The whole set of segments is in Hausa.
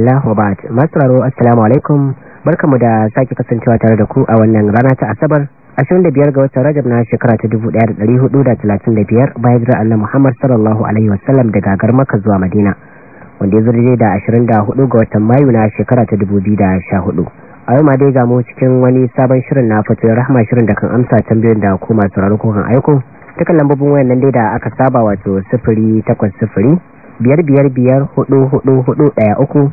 Allah wa ba'ad masararo assalamu alaikum barkamu da sake kasancewa tare da ku a wannan rana ta asabar 25 ga watan rajab na shekara ta 1435 bayan jira Allah Muhammad sallallahu alaihi wasallam daga gagar maka zuwa Madina wanda ya zurje da 24 ga watan Mayu na shekara ta da 2014 a yau ma dai ga mu cikin wani sabon shirin na fatoyin rahama shirin da kan amsa tambayoyin da ko masu raro ko kan aiko dukkan lambobin wayan nan dai da aka saba wato sifiri biyar biyar biyar hudu hudu hudu daya uku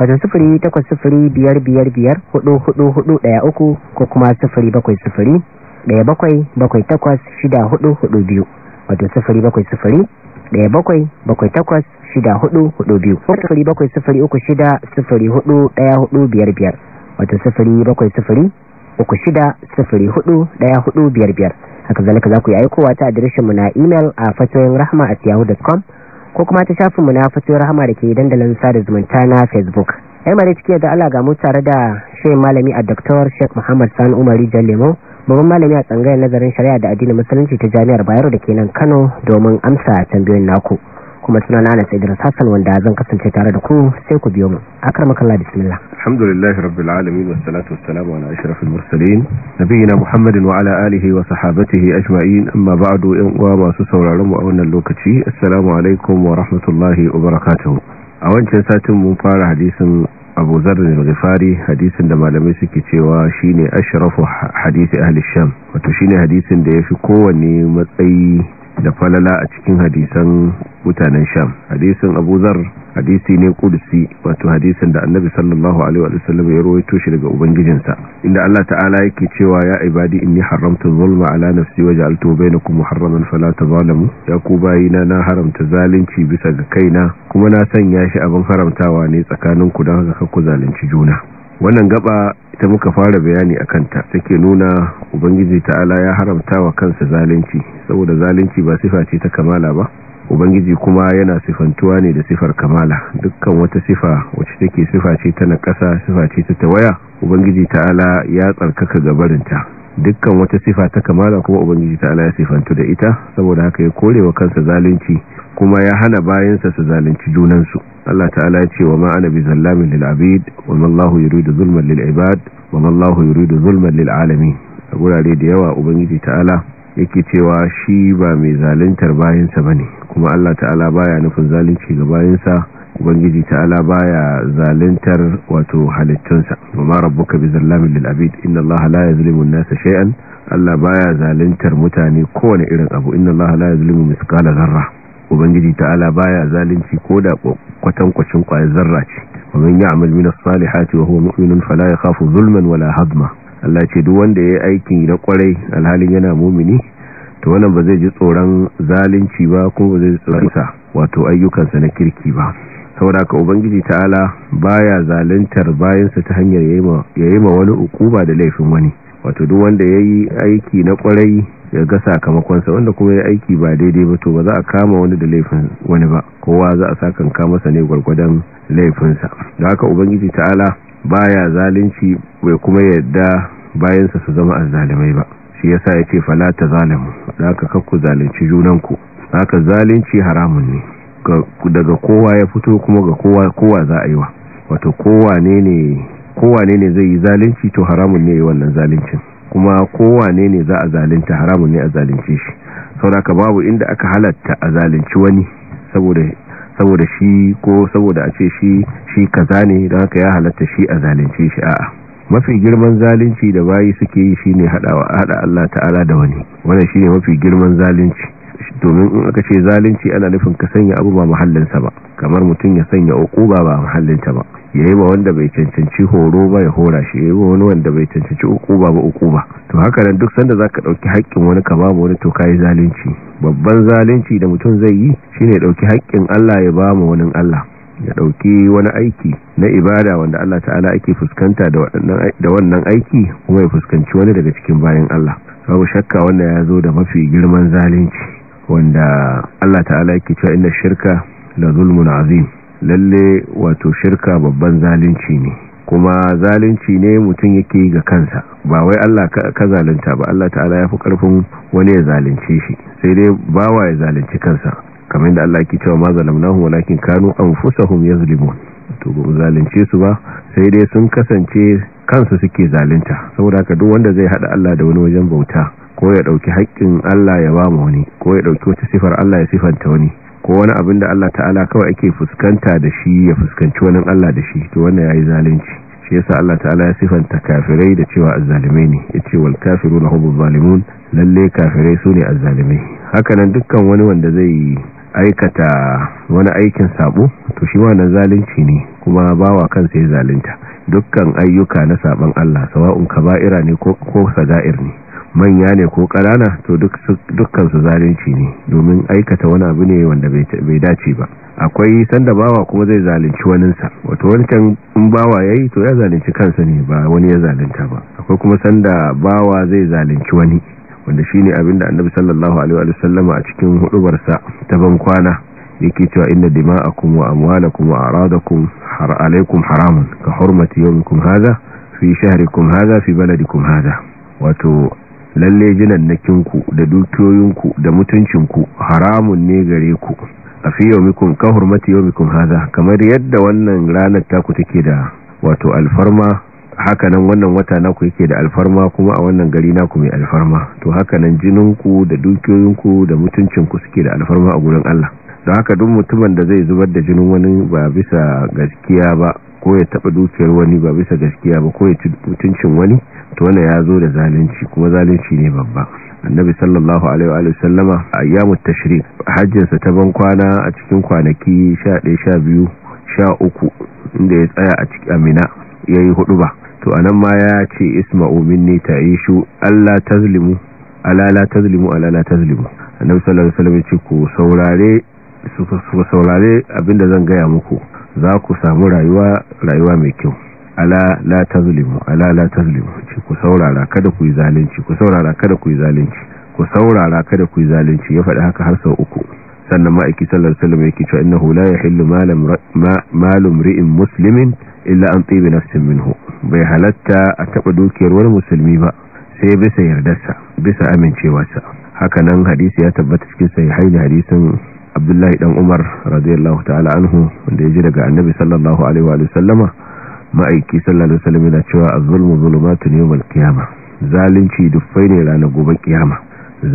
wato sufuri takwas sufuri biyar biyar biyar hudu hudu hudu daya uku ko kuma sufuri bakwai sufuri daya bakwai bakwai takwas shida hudu hudu biyu wato sufuri bakwai sufuri daya bakwai bakwai takwas shida hudu hudu biyu sufuri bakwai sufuri uku shida sufuri hudu daya hudu biyar biyar wato sufuri bakwai sufuri uku shida sufuri hudu daya hudu biyar biyar haka zalika za ku yi aikowa ta adireshinmu na imel a fasoyin rahama at yahoo.com ko kuma ta shafin mu na fasiyo rahama da ke dandalin sada zumunta na facebook yan mara ciki da ala gamu tare da shehin malami a Dr. sheikh muhammad san sani umari lemo babban malami a tsangayar nazarin shari'a da addinin musulunci ta jami'ar bayero da ke nan kano domin amsa tambayoyin naku kuma suna na Anas Idris wanda zan kasance tare da ku sai ku biyo mu akramakallah bismillah alhamdulillahi rabbil alamin wassalatu wassalamu ala ashrafil mursalin nabiyina muhammadin wa ala alihi wa sahbatihi ajma'in amma ba'du in uwa masu sauraron mu a wannan lokaci assalamu alaikum wa rahmatullahi wa barakatuh a wancan satin mun fara hadisin abu zarar al-ghifari hadisin da malamai suke cewa shine ashrafu hadisi ahli sham wato shine hadisin da yafi kowanne matsayi da falala a cikin hadisan mutanen sham hadisin abu zar hadisi ne kudusi wato hadisin da annabi sallallahu alaihi wa sallam ya rawaito shi daga ubangijinsa inda Allah ta'ala yake cewa ya ibadi inni haramtu zulma ala nafsi wa ja'altu bainakum muharraman fala tazalamu ya ku bayina na haramta zalunci bisa ga kaina kuma na sanya shi abin haramtawa ne tsakaninku don haka ku zalunci juna wannan gaba ita muka fara bayani a kanta take nuna ubangiji ta'ala ya haramta wa kansa zalunci saboda zalunci ba sifa ce ta kamala ba ubangiji kuma yana sifantuwa ne da sifar kamala dukkan wata sifa wacce take sifa ce ta nakasa sifa ce ta tawaya ubangiji ta'ala ya tsarkaka gabarinta dukkan wata sifa ta kamala kuma ubangiji ta'ala ya sifantu da ita saboda haka ya kore wa kansa zalunci kuma ya hana bayansa su zalunci junansu Allah ta'ala ya ce wa ma ana bi zallamin lil abid wa ma Allahu yuridu zulman lil ibad wa ma Allahu yuridu zulman lil alamin a gurare da yawa ubangiji ta'ala yake cewa shi ba mai zaluntar bayansa bane kuma Allah ta'ala baya nufin zalunci ga bayansa ubangiji ta'ala baya zaluntar wato halittunsa wa ma rabbuka bi zallamin lil abid inna Allaha la yuzlimu an-nasa shay'an Allah baya zaluntar mutane kowane irin abu inna Allaha la yuzlimu mithqala dharra ubangiji ta'ala baya zalunci ko da kwatankwacin kwaye zarra ce min as-salihati wa huwa mu'minun fala yakhafu zulman wala hadma Allah ce duk wanda yayi aiki na kwarai alhalin yana mumini to wannan ba zai ji tsoron zalunci ba ko ba zai tsoron sa wato ayyukansa na kirki ba saboda ka ubangiji ta'ala baya zaluntar bayansa ta hanyar yayi ma wani ukuba da laifin wani wato duk wanda yayi aiki na kwarai ya ga sakamakonsa wanda kuma ya aiki ba daidai ba to ba za a kama wani da laifin wani ba kowa za a sakan kama sa ne gwargwadon laifinsa da haka ubangiji ta'ala baya zalunci bai kuma yadda bayansa su zama azzalimai ba shi yasa ce fala ta zalimu da haka kakku zalunci junanku haka zalunci haramun ne daga kowa ya fito kuma ga kowa kowa za a yi wa wato kowa ne ne kowa ne ne zai yi zalunci to haramun ne wannan zaluncin kuma kowane ne za a zalunta haramun ne a zalunce shi sauraka babu inda aka halatta a zalunci wani saboda shi ko saboda a ce shi shi kaza ne don haka ya halatta shi a zalunce shi a'a mafi girman zalunci da bayi suke yi shine hada hada Allah ta'ala da wani wannan shine mafi girman zalunci domin in aka ce zalunci ana nufin ka sanya abu ba muhallinsa ba kamar mutum ya sanya uquba ba muhallinta ba ya yi ba wanda bai cancanci horo ba ya hora shi ya yi ba wani wanda bai cancanci uquba ba ukuba to haka nan duk sanda za ka ɗauki haƙƙin wani ka ba wani to kayi zalunci babban zalunci da mutum zai yi shi ne dauki haƙƙin Allah ya ba mu wani Allah ya ɗauki wani aiki na ibada wanda Allah ta'ala ake fuskanta da wannan aiki kuma ya fuskanci wani daga cikin bayan Allah babu shakka wanda ya zo da mafi girman zalunci wanda Allah ta'ala yake cewa inna shirka la zulmun azim lalle wato shirka babban zalunci ne kuma zalunci ne mutum yake yi ga kansa ba wai Allah ka zalunta ba Allah ta'ala ya fi karfin wani ya zalunce shi sai dai bawa ya zalunci kansa kamar yadda Allah yake cewa ma zalamnahum walakin kanu anfusahum yazlimun to ba zalunce su ba sai dai sun kasance kansu suke zalunta saboda haka duk wanda zai hada Allah da wani wajen bauta ko ya dauki haƙƙin Allah ya ba mu wani ko ya dauki wata sifar Allah ya sifanta wani ko wani abin da Allah ta'ala kawai ake fuskanta da shi ya fuskanci wani Allah da shi to wannan yayi zalunci shi yasa Allah ta'ala ya sifanta kafirai da cewa azzalimai ne yace wal kafiruna hum zalimun lalle kafirai sune azzalimai haka nan dukkan wani wanda zai aikata wani aikin sabo to shi wannan zalunci ne kuma bawa kansa ya zalunta dukkan ayyuka na saban Allah sawa'un kaba'ira ne ko sadair ne manya ne ko karana to dukkan su zalunci ne domin aikata wani abu ne wanda bai dace ba akwai sanda bawa kuma zai zalunci waninsa wato wancan in bawa yayi to ya zalunci kansa ne ba wani ya zalunta ba akwai kuma sanda bawa zai zalunci wani wanda shine abinda annabi sallallahu alaihi wasallama a cikin hudubarsa ta ban kwana yake cewa inna dima'akum wa amwalakum wa aradakum har alaikum haramun ka hurmati yawmikum hadha fi shahrikum hadha fi baladikum hadha wato lalle ku da ku da ku haramun ne gare ku a fi yawmikum ka hurmati yawmikum hadha kamar yadda wannan ranar taku take da wato alfarma hakanan wannan wata naku yake da alfarma kuma a wannan gari naku mai alfarma to hakanan jininku da dukiyoyinku da mutuncin ku suke da alfarma a gurin Allah don haka duk mutumin da zai zubar da jinin wani ba bisa gaskiya ba ko ya taɓa dukiyar wani ba bisa gaskiya ba ko ya ci mutuncin wani to wanda ya zo da zalunci kuma zalunci ne babba annabi sallallahu alaihi wa sallama ayyamut tashrik hajjinsa ta ban kwana a cikin kwanaki 11 12 13 inda ya tsaya a cikin amina yayi hudu ba to anan ma ya ce isma'u minni ta'ishu alla tazlimu ala la tazlimu ala la tazlimu annabi sallallahu alaihi wa sallam ya ce ku saurare su saurare abinda zan gaya muku za ku samu rayuwa rayuwa mai kyau ala la tazlimu ala la tazlimu ku saurara kada ku yi zalunci ku saurara kada ku yi zalunci ku saurara kada ku yi zalunci ya faɗi haka har sau uku sannan ma'aiki sallallahu alaihi wasallam yake cewa innahu la yahillu malum ri'in muslimin illa an tibi nafsin minhu bai halatta a taba dukiyar wani musulmi ba sai bisa yardarsa bisa amincewarsa hakanan nan hadisi ya tabbata cikin sahihai hadisin abdullahi dan umar radiyallahu ta'ala anhu wanda ya ji daga annabi sallallahu alaihi wa sallama ma'aiki sallallahu alaihi yana cewa az-zulmu zulumatun yawm qiyama zalunci duffai ne ranar kiyama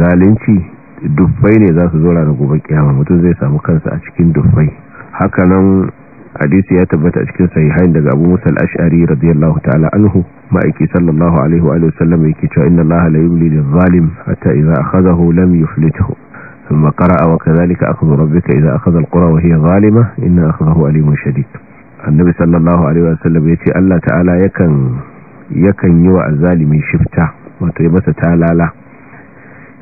zalunci ne za su zo ranar gobe kiyama mutum zai samu kansa a cikin duffai haka nan hadisi ya tabbata a cikin sahihain daga Abu Musa al-Ash'ari radiyallahu ta'ala anhu ma'aiki sallallahu alaihi wa sallam yake cewa inna Allah la yumli lil-zalim hatta idza akhadhahu lam yuflithu ثم قرأ وكذلك أخذ ربك إذا أخذ القرى وهي ظالمة إن أخذه أليم شديد النبي صلى الله عليه وسلم يتي الله تعالى يكن يكن يوى الظالم شفتا وطيبة تعالى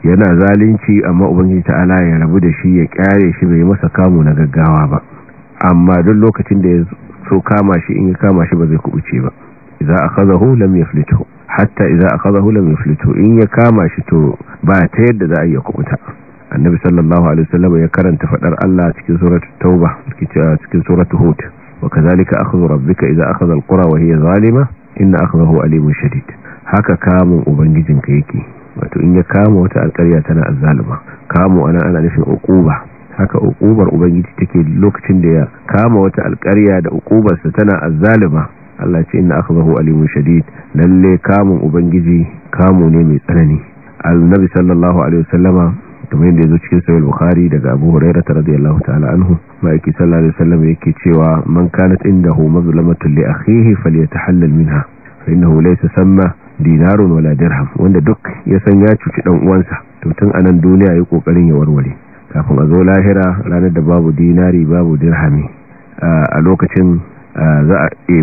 yana zalunci amma ubangiji ta'ala ya rabu da shi ya kyare shi bai masa kamu na gaggawa ba amma duk lokacin da ya so kama shi in ya kama shi ba zai kubuce ba idza akhadahu lam yaflitu hatta idza akhadahu lam yaflitu in ya kama shi to ba ta yadda za a yi kubuta annabi sallallahu alaihi wasallam ya karanta fadar Allah cikin suratul tauba cikin suratul hud wa kadhalika akhdhu rabbika aka akhadha alqura wa hiya zalima inna akhdahu alimun shadid haka kamun ubangijinka yake wato in ya kama wata alƙarya tana azzalima Kamu ana ana nufin uquba haka uqubar ubangiji take lokacin da ya kama wata alƙarya da uqubarsa tana azzaluma Allah ce inna akhdahu alimun shadid lalle kamun ubangiji kamu ne mai tsanani annabi sallallahu alaihi wasallama kamar yadda yazo cikin sahih bukhari daga abu hurairah radiyallahu ta'ala anhu ma'aiki sallallahu alaihi wasallam yake cewa man kanat indahu mazlamatu li akhihi falyatahallal minha fa innahu laysa samma dinarun wala dirham wanda duk ya san ya cuci dan uwansa to tun anan duniya yayi kokarin ya warware kafin a zo lahira ranar da babu dinari babu dirhami a lokacin za a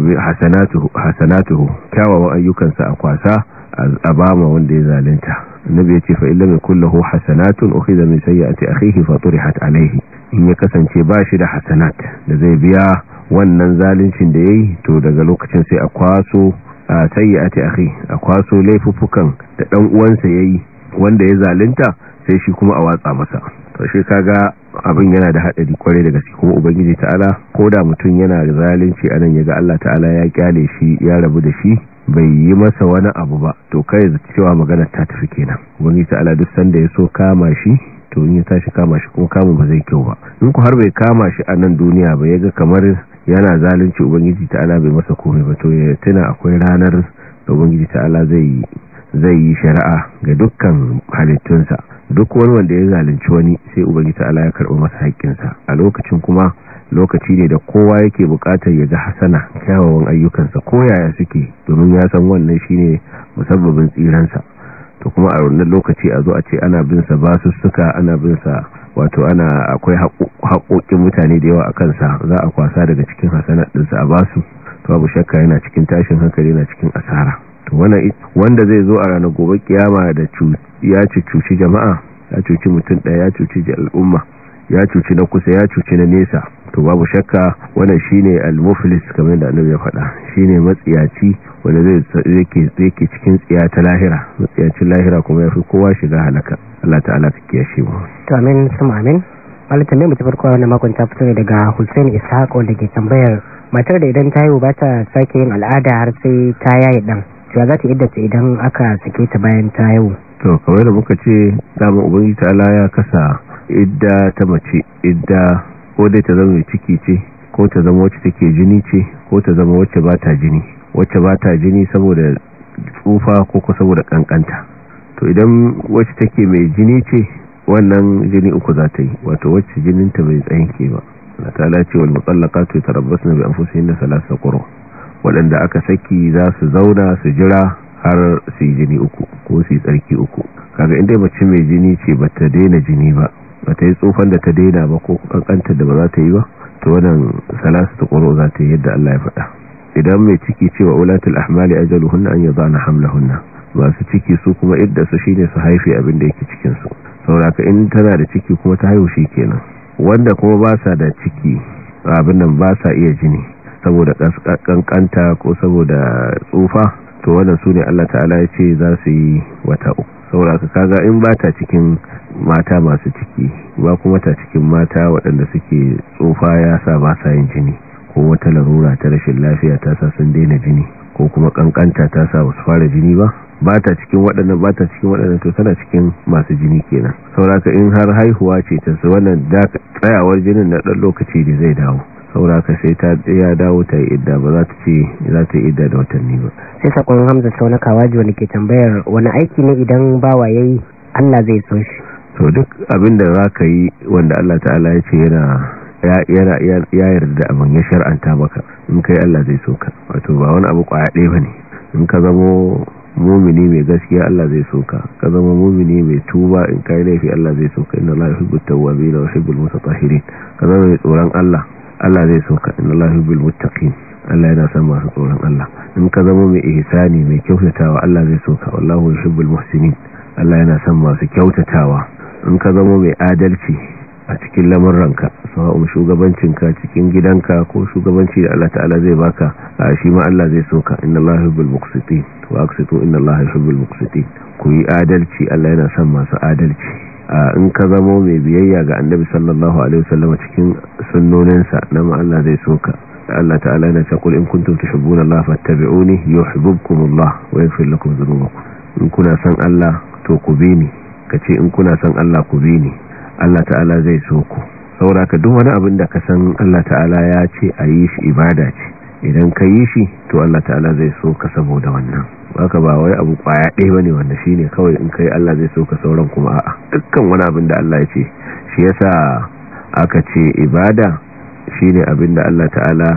hasanatuhu kyawawan ayyukansa a kwasa a bama wanda ya zalunta annabi ya ce fa illam yakul lahu hasanatun ukhiza min sayyi'ati akhihi faturihat alayhi in ya kasance ba shi da hasanat da zai biya wannan zaluncin da yayi to daga lokacin sai a kwaso a sayyi'ati akhi a kwaso laifuffukan da dan uwansa yayi wanda ya zalunta sai shi kuma a watsa masa to shi kaga abin yana da hadari kwarai daga kuma ubangiji ta'ala koda mutum yana zalunci anan yaga Allah ta'ala ya kyale shi ya rabu da shi bai yi masa wani abu ba to kai da cewa magana ta tafi kenan wani ta ala duk sanda ya so kama shi to in ya tashi kama shi kuma kama ba zai kyau ba in ku har bai kama shi a nan duniya ba ya ga kamar yana zalunci ubangiji ta ala bai masa komai ba to ya tuna akwai ranar da ubangiji ta ala zai zai yi shari'a ga dukkan halittunsa duk wani wanda ya zalunci wani sai ubangiji ta ala ya karɓi masa haƙƙinsa a lokacin kuma lokaci ne da kowa yake bukatar ya ga hasana kyawawan ayyukansa ko yaya suke domin ya san wannan shine musabbabin tsiransa to kuma a wannan lokaci a zo a ce ana bin sa basussuka ana bin sa wato ana akwai haƙoƙin mutane da yawa a kansa za a kwasa daga cikin hasana ɗinsa a basu to abu shakka yana cikin tashin hankali yana cikin asara to wanda zai zo a ranar gobe kiyama da ya ci cuci jama'a ya cuci mutum ɗaya ya cuci al'umma ya cuci na kusa ya cuci na nesa to babu shakka wannan shine al-muflis kamar da annabi ya faɗa shine matsiyaci wanda zai yake cikin tsiya ta lahira matsiyacin lahira kuma yafi kowa shiga halaka Allah ta'ala ta kiyashe mu to amin sama amin malamin ne mutum farko wannan makon ta fito daga Hussein Ishaq wanda ke tambayar matar da idan ta yi ba ta sake yin al'ada har sai ta yayi dan to za ta iddace idan aka sake ta bayan ta haihu. to kawai da muka ce dama Ubangi ta Allah ya kasa idda ta mace idda ko dai ta zama ciki ce ko ta zama wacce take jini ce ko ta zama wacce ba ta jini wacce ba ta jini saboda tsufa ko ko saboda kankanta to idan wacce take mai jini ce wannan jini uku za ta yi wato wacce jininta bai tsayin ke ba na tala ce na bai tarabbasna yin da salasa kuro waɗanda aka saki za su zauna su jira har su yi jini uku ko su yi tsarki uku kaga inda mace mai jini ce ba ta daina jini ba ba ta yi tsofan da ta daina ba ko kankanta da ba za ta yi ba to wannan salasu ta ƙoro za ta yi yadda Allah ya faɗa idan mai ciki cewa ulatul ahmali hunna an hamla hunna masu ciki su kuma idda su shine su haifi abin da yake cikin su sauraka in tana da ciki kuma ta haihu shi kenan wanda kuma ba sa da ciki abin nan ba sa iya jini saboda kankanta ko saboda tsufa to wannan su ne Allah ta'ala ya ce za su yi wata uku sauraka kaga in ba ta cikin mata masu ciki ba kuma ta cikin mata waɗanda suke tsofa ya sa ba sa yin jini ko wata larura ta rashin lafiya ta sa sun daina jini ko kuma kankanta ta sa wasu fara jini ba ba ta cikin waɗannan ba cikin waɗannan to tana cikin masu jini kenan sauraka in har haihuwa ce ta su wannan tsayawar jinin na ɗan lokaci da zai dawo ka sai ta ya dawo ta yi idda ba za ta ce za ta yi idda da watanni ba sai sakon hamza saunaka waji wani ke tambayar wani aiki ne idan bawa ya yi allah zai so shi to duk abin da za ka yi wanda allah ta'ala ya ce yana ya yarda abin ya shar'anta maka in kai Allah zai so ka wato ba wani abu kwaya ɗaya ne in ka zamo mumini mai gaskiya Allah zai so ka ka zama mumini mai tuba in kai laifi Allah zai so ka inna la yuhibbu tawwabin wa yuhibbul mutatahhirin ka zama mai tsoron Allah Allah zai so ka inna Allah yubil muttaqin Allah yana son masu tsoron Allah in ka zama mai ihsani mai kyautatawa Allah zai so ka wallahu yuhibbul muhsinin Allah yana son masu kyautatawa in ka zama mai adalci a cikin lamuranka sawa'un shugabancinka cikin gidanka ko shugabanci da Allah ta'ala zai baka a shi ma Allah zai soka inna Allah yuhibbul muqsitin wa aqsitu inna Allah yuhibbul muqsitin ku yi adalci Allah yana son masu adalci in ka zamo mai biyayya ga annabi sallallahu alaihi wasallam cikin sunnoninsa na ma Allah zai soka Allah ta'ala yana cewa in kuntum tuhibbuna Allah fattabi'uni Allah, wa yaghfir lakum dhunubakum in kuna san Allah to ku bi ni kace in kuna san Allah ku bi ni Allah ta'ala zai so ku saboda duk wani abin da ka san Allah ta'ala ya ce a yi shi ibada ce idan ka yi shi to Allah ta'ala zai so ka saboda wannan baka ba wai abu kwaya ɗaya bane wanda shine kawai in kai Allah zai so ka sauran kuma a'a dukkan wani abin da Allah ya ce shi yasa aka ce ibada shine abin da Allah ta'ala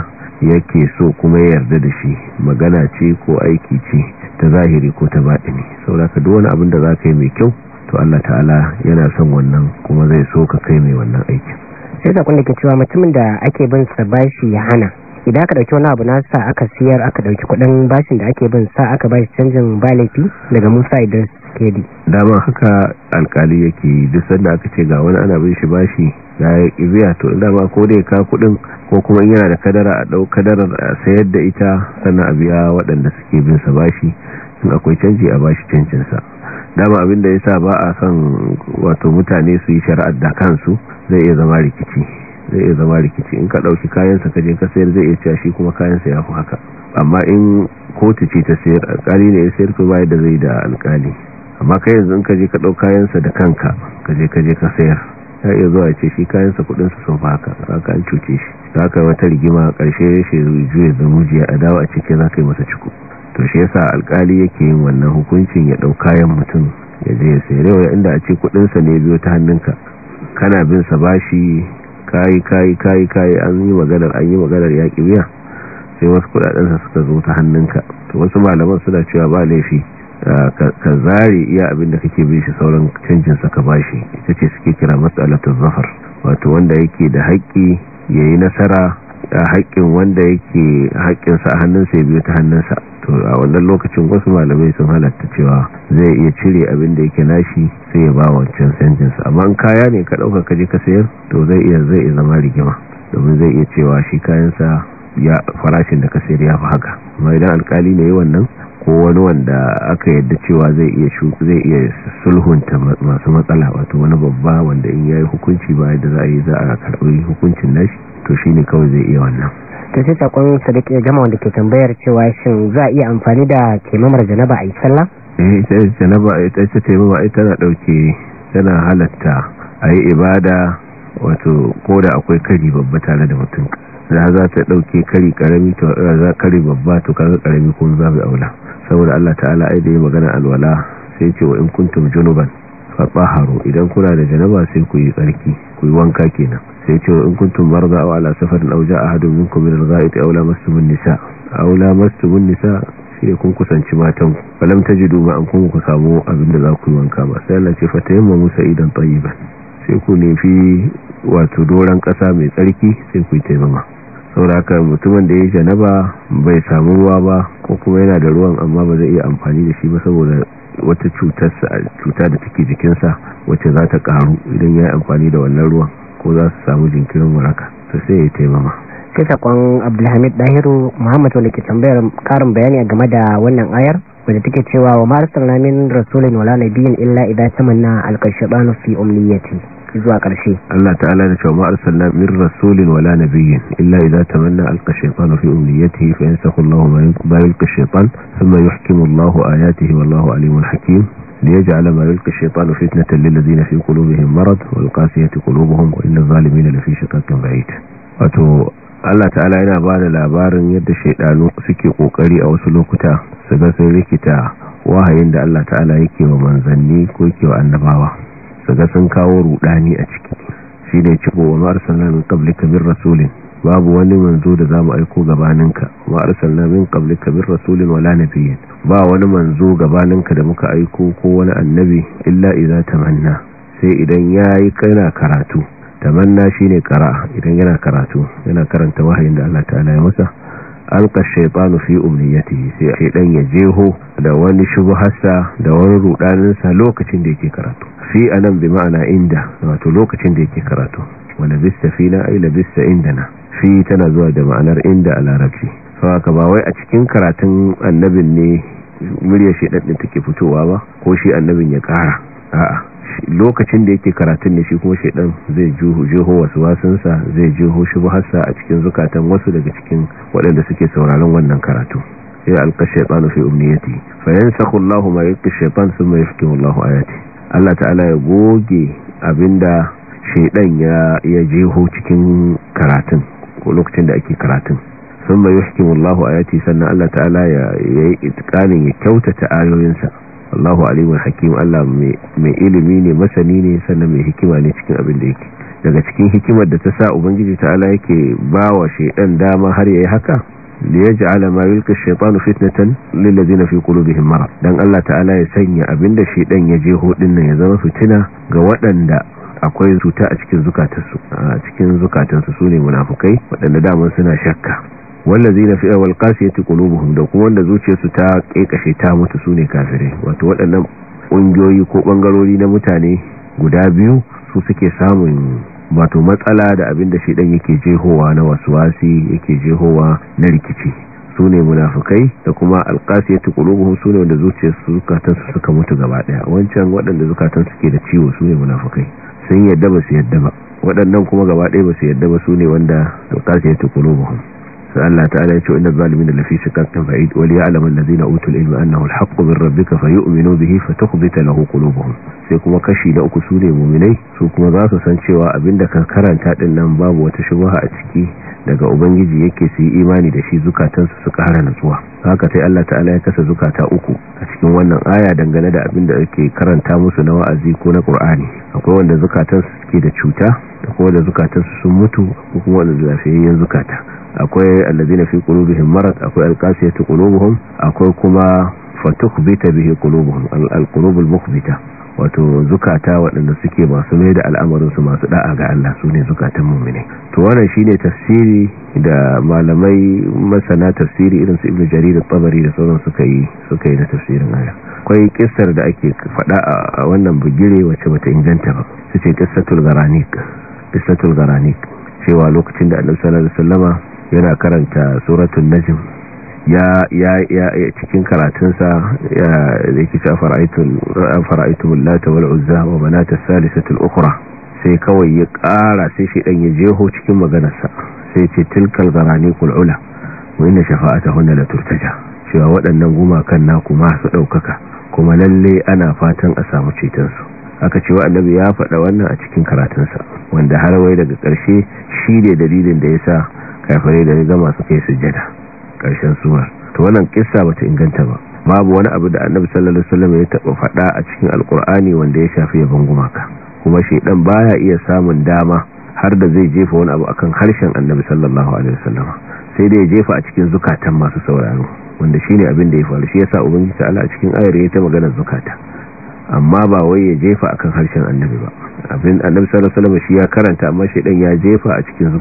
yake so kuma ya yarda da shi magana ce ko aiki ce ta zahiri ko ta batini saboda duk wani abin da zaka yi mai kyau to Allah ta'ala yana son wannan kuma zai so ka kai mai wannan aikin sai da kun da ke cewa mutumin da ake bin sa bashi ya hana idan aka dauki wani abu na sa aka siyar aka dauki kudin bashin da ake bin sa aka bashi canjin balafi daga Musa idan Kedi dama haka alkali yake duk sanda aka ce ga wani ana bin shi bashi ya ibiya to dama ko da ka kudin ko kuma yana da kadara a dau kadarar a sayar da ita sannan a biya waɗanda suke bin sa bashi in akwai canji a bashi cancin dama abin da yasa ba a son wato mutane su yi shari'ar da kansu zai iya zama rikici zai iya zama rikici in ka ɗauki kayansa ka je ka sayar zai iya cewa shi kuma kayansa ya fi haka amma in kotu ce ta sayar alkali ne ya sayar kuma ba da zai da alkali amma kai yanzu in ka je ka ɗau kayansa da kanka ka je ka je ka sayar ya iya zuwa ce shi kayansa kuɗinsa sun fi haka ka an cuce shi ka ka wata rigima ƙarshe shi juya zamujiya a dawo a cikin za ka yi masa ciko to shi yasa alkali yake yin wannan hukuncin ya ɗau kayan mutum ya je ya sayar yau inda a ce kuɗinsa ne biyo ta hannunka kana bin sa bashi kayi kayi kayi kayi an yi maganar an yi maganar ya biya sai wasu kudadensa suka zo ta hannunka to wasu malaman suna cewa ba laifi ka zare iya abin da kake bi shi sauran canjin sa ka bashi ita ce suke kira mas'alatul zafar wato wanda yake da haƙƙi yayi nasara a haƙƙin wanda yake haƙƙinsa a hannunsa ya biyo ta hannunsa a wannan lokacin wasu malamai sun halatta cewa zai iya cire abin da yake nashi sai ya ba wancan sentence amma kaya ne ka dauka je ka sayar to zai iya zai iya zama rigima domin zai iya cewa shi kayansa ya farashin da ka sayar ya fi haka amma idan alkali ne wannan ko wani wanda aka yadda cewa zai iya shu zai iya sulhunta masu matsala wato wani babba wanda in yayi hukunci ba yadda za a yi za a karɓi hukuncin nashi to shi ne kawai zai iya wannan ta sai sakon sadiq ya gama wanda ke tambayar cewa shin za a iya amfani da kemamar janaba a yi eh sai janaba ita ce taimama ita na dauke tana halatta a yi ibada wato ko da akwai kari babba tare da mutum za za ta dauke kari karami to za kari babba to kaga karami kuma za mu aula saboda Allah ta'ala ai da yi magana alwala sai ce wa in kuntum junuban fatsaharu idan kuna da janaba sai ku yi tsarki ku yi wanka kenan sai ce in kuntum marza aw ala safarin aw jaa ahadun minkum min al ghaid aw lamastum nisa aw lamastum an-nisa sai kun kusanci matan ku falam tajidu ma an kun ku samu abin da za ku yi wanka ba sai Allah ce fatayamma musa idan tayyiban sai ku nufi wato doran kasa mai tsarki sai ku yi taimama sauraka mutumin da ya janaba bai samu ruwa ba ko kuma yana da ruwan amma ba zai iya amfani da shi ba saboda wata cuta da take jikinsa wacce za ta karu idan ya yi amfani da wannan ruwan ko za su samu jinkirin waraka to sai ya taimama sai sakon abdulhamid dahiru muhammad wani ke tambayar karin bayani game da wannan ayar wadda take cewa wa marasar namin rasulun wala nabiyin illa idan tamanna alkashabanu fi umliyati zuwa ƙarshe Allah ta'ala da cewa arsalna min rasulin wala nabiyyin illa idza tamanna alqa shaytanu fi umniyatihi fa yansakhu ma yulqi shaytan thumma yuhkimu Allahu ayatihi wallahu alimun hakim ليجعل ما يلقي الشيطان فتنة للذين في قلوبهم مرض والقاسية قلوبهم وإن الظالمين لفي شقاق بعيد wato Allah ta'ala yana ba da labarin yadda shaidanu suke kokari a wasu lokuta su ga sun rikita wahayin da Allah ta'ala yake wa manzanni ko yake wa annabawa kaga sun kawo rudani a ciki shi ne ciko wa ma'arsalna min qablika min rasulin babu wani manzo da za mu aiko gabaninka ma'arsalna min qablika min rasulin wala nabiyyin ba wani manzo gabaninka da muka aiko ko wani annabi illa iza tamanna sai idan yayi kana karatu tamanna ne kara idan yana karatu yana karanta wahayin da Allah ta'ala ya masa alka shaytanu fi umniyatihi sai dan ya jeho da wani shubhasa da wani rudanin sa lokacin da yake karatu fi anan bi ma'ana inda wato lokacin da yake karatu wala bista fina ay labista indana fi tana zuwa da ma'anar inda a larabci saboda ba wai a cikin karatun annabin ne murya shi din take fitowa ba ko shi annabin ya kara a'a lokacin da yake karatun ne shi kuma shaidan zai jeho wasu wasansa zai jeho shubuharsa a cikin zukatan wasu daga cikin waɗanda suke sauraron wannan karatu sai alka shaidan fi umniyati fa yansakhu Allahu ma yulqi shaitan thumma yafkihu Allahu ayati Allah ta'ala ya goge abinda shaidan ya ya jeho cikin karatun ko lokacin da ake karatun thumma yahkimu Allahu ayati sannan Allah ta'ala ya yi itqanin ya kyautata ayoyinsa Allahu alimun hakim Allah mai ilimi ne masani ne sannan mai hikima ne cikin abin da yake daga cikin hikimar da ta sa ubangiji ta ala yake ba wa shaidan dama har yi haka da ya ja'ala ma yulka shaytanu fitnatan lil ladina fi qulubihim marad dan Allah ta'ala ya sanya abinda shaidan ya je hudin nan ya zama fitina ga waɗanda akwai cuta a cikin zukatansu a cikin sune munafukai waɗanda damar suna shakka wallazina fi wal qasiyati qulubuhum da kuma wanda zuciyarsu ta kekashe ta mutu sune kafire wato waɗannan ƙungiyoyi ko bangarori na mutane guda biyu su suke samun wato matsala da abin da ɗan yake jehowa na waswasi yake jehowa na rikici sune munafikai da kuma alqasiyatu qulubuhum sune wanda zuciyarsu zukatan su suka mutu gaba daya wancan waɗanda zukatan suke da ciwo sune munafikai sun yadda ba su yadda ba waɗannan kuma gaba ɗaya ba su yadda ba sune wanda tukuru ba. sai Allah ta'ala ya ce inna zalimin lafi shiqaqin ba'id wal ya'lamu allazina utul ilma annahu rabbi ka fayi fayu'minu bihi fatukhbita lahu qulubuhum sai kuma kashi na uku sune mu'minai su kuma za su san cewa abin da kan karanta ɗinnan nan babu wata shubha a ciki daga ubangiji yake su yi imani da shi zukatansu su ƙara nutsuwa haka sai Allah ta'ala ya kasa zukata uku a cikin wannan aya dangane da abin da ake karanta musu na wa'azi ko na ƙur'ani akwai wanda zukatansu suke da cuta da kuma da zukatansu sun mutu ko kuma wanda zukata akwai allazina fi qulubihim marad akwai alqasiyatu qulubuhum akwai kuma fatukbita bihi qulubuhum alqulubul mukhbita wato zukata waɗanda suke masu mai da al'amarin su masu da'a ga Allah ne zukatan mu'mini to wannan shine tafsiri da malamai masana tafsiri irin su Ibn Jarir al-Tabari da sauran suka yi suka yi na tafsirin aya akwai kissar da ake faɗa a wannan bugire wacce bata inganta ba su ce qissatul garanik qissatul garanik cewa lokacin da Annabi sallallahu alaihi wasallama yana karanta suratun najim ya ya ya cikin karatunsa ya yake cewa fara'aytul fara'aytul lata wal uzza wa manat as-salisatul ukhra sai kawai ya ƙara sai shi dan ya jeho cikin maganarsa sai ce tilkal garanikul ula wa inna shafa'atahunna la turtaja cewa waɗannan gumakan naku masu ɗaukaka kuma lalle ana fatan a samu cetonsu aka cewa annabi ya faɗa wannan a cikin karatunsa wanda har wai daga ƙarshe shi ne dalilin da ya sa kafirai da rigama suka sujjada ƙarshen suwar to wannan kissa bata inganta ba babu wani abu da annabi sallallahu alaihi wasallam ya taba faɗa a cikin alkur'ani wanda ya shafi yaban gumaka kuma shedan baya iya samun dama har da zai jefa wani abu akan harshen annabi sallallahu alaihi wasallam sai dai ya jefa a cikin zukatan masu sauraro wanda shine abin da ya faru shi yasa ubangiji Allah a cikin ayar ya ta magana zukata amma ba wai ya jefa akan harshen annabi ba abin annabi sallallahu alaihi wasallam shi ya karanta amma shedan ya jefa a cikin su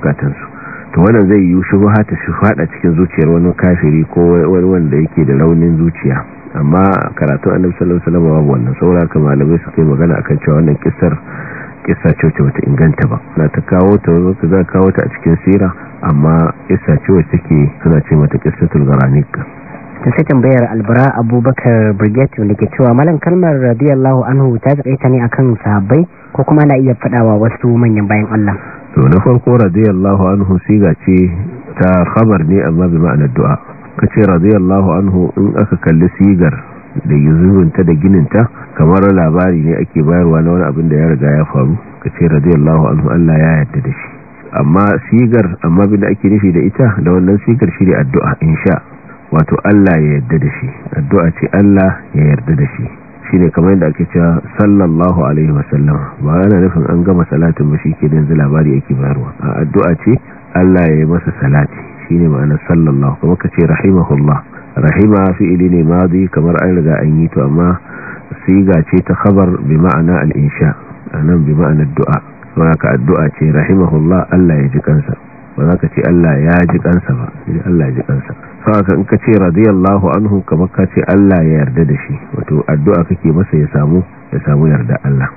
to wannan zai yi shubha ta shi fada cikin zuciyar wani kafiri ko wani wanda yake da raunin zuciya amma karatu annabi sallallahu alaihi wasallam babu wannan saura kuma malamai suka magana akan cewa wannan kissar kissa ce wacce bata inganta ba na ta kawo ta wata za kawo ta a cikin sira amma kissa ce wacce take suna ce mata kissatul garanik ta sai tambayar albara abubakar brigade da ke cewa malam kalmar radiyallahu anhu ta tsaye ta ne akan sahabbai ko kuma na iya fadawa wasu manyan bayan allah to na farko radiyallahu anhu siga ce ta khabar ne amma bi ma'anar du'a kace radiyallahu anhu in aka kalli sigar da yuzubinta da gininta kamar labari ne ake bayarwa na wani abin da ya riga ya faru kace radiyallahu anhu Allah ya yarda da shi amma sigar amma bin da ake nufi da ita da wannan sigar shi ne addu'a insha wato Allah ya yarda da shi addu'a ce Allah ya yarda da shi shine kamar yadda ake cewa sallallahu alaihi wasallam ba yana nufin an gama salatin ba shike dan labari yake bayarwa a addu'a ce Allah ya yi masa salati shine ma'anar sallallahu kuma kace rahimahullah rahima fi'ili ne madi kamar an riga an yi to amma siga ce ta khabar bi ma'ana al-insha anan bi ma'ana addu'a saboda ka addu'a ce rahimahullah Allah ya ji kansa ba za ka ce Allah ya ji kansa ba Allah ya ji kansa saka in ka ce radiyallahu anhu kamar ka ce Allah ya yarda da shi wato addu'a kake masa ya samu ya samu yarda Allah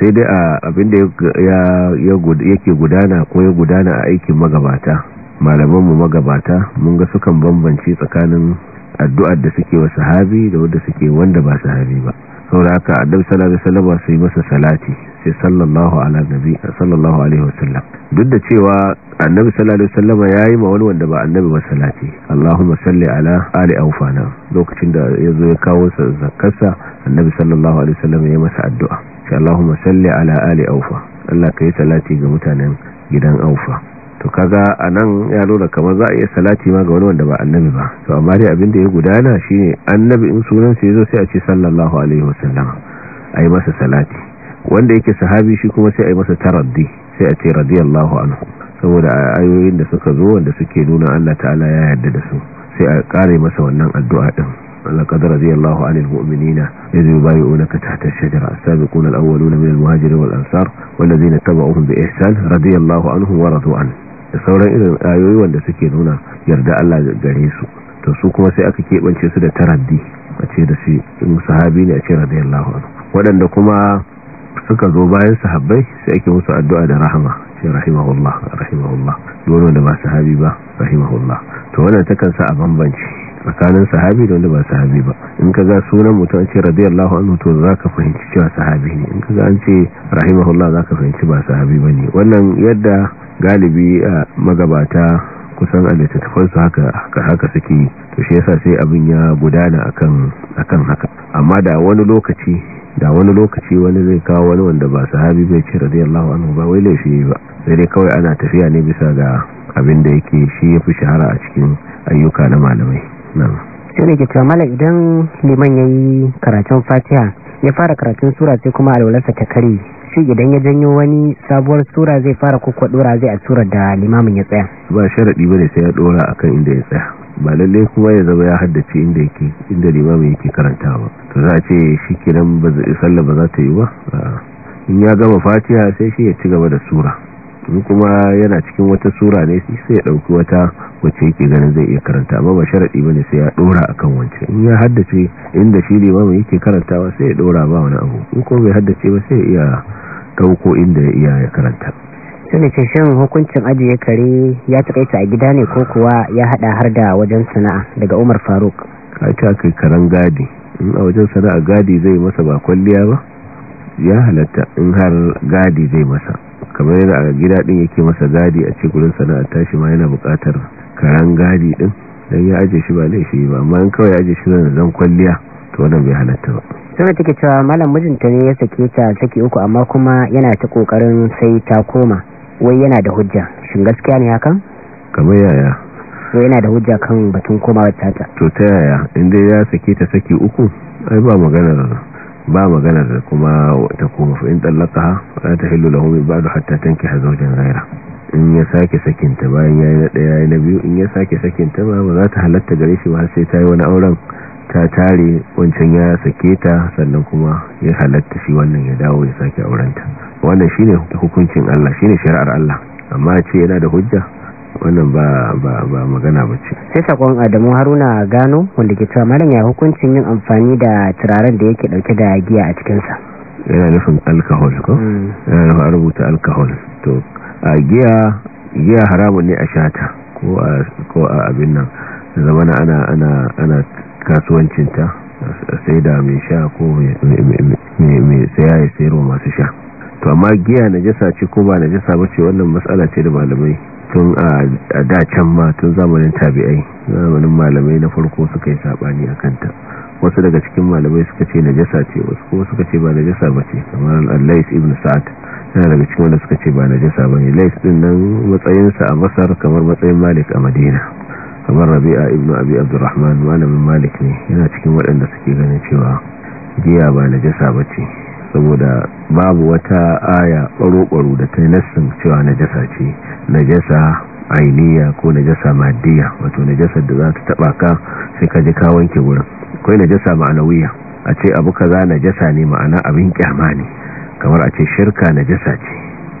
sai dai a abinda yake gudana ko ya gudana a aikin magabata malaman mu magabata mun ga sukan bambance tsakanin addu'ar da suke wa sahabi da wanda suke wanda ba sahabi ba sauraka annabi sallallahu salama su yi masa salati sai sallallahu ala nabi sallallahu alaihi wasallam duk da cewa annabi sallallahu alaihi ya yayi ma wani wanda ba annabi ba salati Allahumma salli ala ali aufana lokacin da yazo ya kawo sa zakarsa annabi sallallahu alaihi wasallam ya masa addu'a sai Allahumma salli ala ali aufa Allah kai salati ga mutanen gidan aufa to kaga anan ya lura kamar za a iya salati ma ga wani wanda ba annabi ba to amma dai abin da ya gudana shine annabi in sunan sa yazo sai a ce sallallahu alaihi wasallam ai masa salati wanda yake sahabi shi kuma sai ai masa taraddi sai a ce radiyallahu anhu saboda ayoyin da suka zo wanda suke nuna Allah ta'ala ya yarda da su sai a kare masa wannan addu'a din لقد رضي الله عن shajara إذ يبايعونك تحت الشجرة السابقون الأولون من المهاجرين والأنصار والذين اتبعوهم بإحسان رضي الله عنهم ورضوا عنه da sauran irin ayoyi wanda suke nuna yarda Allah gare su to su kuma sai aka keɓance su da taraddi a ce da shi sahabi ne a ce radiyallahu anhu waɗanda kuma suka zo bayan sahabbai sai ake musu addu'a da rahama ce rahimahullah rahimahullah dole wanda ba sahabi ba rahimahullah to wannan takan sa a bambanci tsakanin sahabi da wanda ba sahabi ba in ka ga sunan mutum an ce radiyallahu anhu to za ka fahimci cewa sahabi ne in ka ga an ce rahimahullah za ka fahimci ba sahabi ba ne wannan yadda galibi a magabata kusan a su haka haka suke to shi yasa sai abin ya gudana akan akan haka amma da wani lokaci da wani lokaci wani zai kawo wani wanda ba sahabi bai ce radiyallahu anhu ba wai laifi ba sai dai kawai ana tafiya ne bisa ga abin da yake shi yafi shahara a cikin ayyuka na malamai na'am ne ke cewa mala idan liman yayi karatun fatiha ya fara karatun sura sai kuma alwalarsa ta kare ce idan ya janyo wani sabuwar sura zai fara kuka dora zai a tsura da limamin ya tsaya ba sharaɗi ba ne sai ya dora akan inda ya tsaya ba lalle kuma ya zama ya haddace inda yake inda limamin yake ba to za a ce shi ba ba za ta yi ba ah, in ya gama fatiha sai shi ya ci gaba da sura in kuma yana cikin wata sura ne sai ya dauki wata wacce yake ganin zai iya karanta ba ba sharadi bane sai ya dora akan wance in ya haddace inda shi ne mamu yake karantawa sai ya dora ba wani abu in kuma bai haddace ba sai ya iya dauko inda ya iya ya karanta shi ne hukuncin ajiye kare ya takaita a gida ne ko kuwa ya hada har da wajen sana'a daga Umar Faruk ka kai karan gadi in a wajen sana'a gadi zai masa ba kwalliya ba ya halatta in har gadi zai masa kamar yadda a gida din yake masa gadi a ce gurin sana'ar tashi ma yana bukatar karan gadi din dan ya aje shi ba laifi ba amma in kawai aje shi zan zan kwalliya to wannan bai halatta ba sai take cewa malam mijinta ne ya sake ta saki uku amma kuma yana ta kokarin sai ta koma wai yana da hujja shin gaskiya ne hakan kamar yaya to yana da hujja kan batun komawar ta. to ta yaya inda ya sake ta saki uku ai ba maganar ba maganar da kuma ta kuma fa in ba ta hillu lahu min ba'du hatta tanki zawjan ghayra in ya sake sakinta bayan yayi na ɗaya yayi na biyu in ya sake sakinta ba ba za ta halatta gare shi ba sai ta yi wani auren ta tare wancan ya sake ta sannan kuma ya halatta shi wannan ya dawo ya sake aurenta wannan shine hukuncin Allah shine shari'ar Allah amma ce yana da hujja wannan ba ba ba magana bace sai sakon Adamu Haruna Gano wanda ke cewa malam ya hukuncin yin amfani da turaren da yake dauke da giya a cikin sa yana nufin alcohol ko hmm. yana nufin rubuta alcohol to a giya giya haramun ne a shata ko a ko a abin nan zamana ana ana ana kasuwancin ta sai da mai sha ko mai sai ya sayarwa masu sha to amma giya najasa ce ko ba najasa bace wannan matsala ce da malamai tun a dacen ma tun zamanin tabi'ai zamanin malamai na farko suka yi sabani a kanta wasu daga cikin malamai suka ce najasa ce wasu kuma suka ce ba najasa ba ce kamar al-lais ibn sa'ad yana daga cikin wanda suka ce ba najasa ba ne lais din nan matsayinsa a masar kamar matsayin malik a madina kamar rabi'a ibn abi abdurrahman malamin malik ne yana cikin waɗanda suke ganin cewa giya ba najasa ba ce saboda babu wata aya ɓaro-ɓaro da ta nassin cewa najasa ce najasa ainiya ko najasa madiya wato najasar da za ta taba ka sai ka ji ka wanke wurin akwai najasa ma'anawiya a ce abu ka kaza najasa ne ma'ana abin kyama ne kamar a ce shirka najasa ce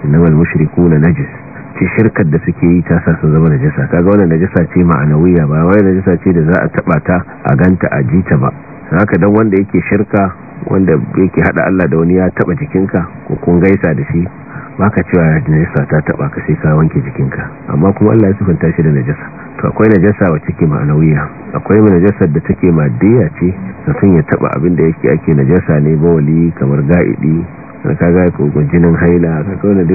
innamal na najis ce shirkar da suke yi ta sa su zama najasa kaga na najasa ce ma'anawiya ba na najasa ce da za a taba ta a ganta a ji ta ba haka don wanda yake shirka wanda yake hada Allah da wani ya taba jikinka ko kun gaisa da shi baka cewa najasa ta taba ka sai ka wanke jikinka amma kuma Allah ya sifanta shi da najasa to akwai najasa wacce ke ma'anawiya akwai najasar da take maddiya ce mutum ya taba abin da yake ake najasa ne wali kamar ga'idi ga ko jinin haila kaga wani da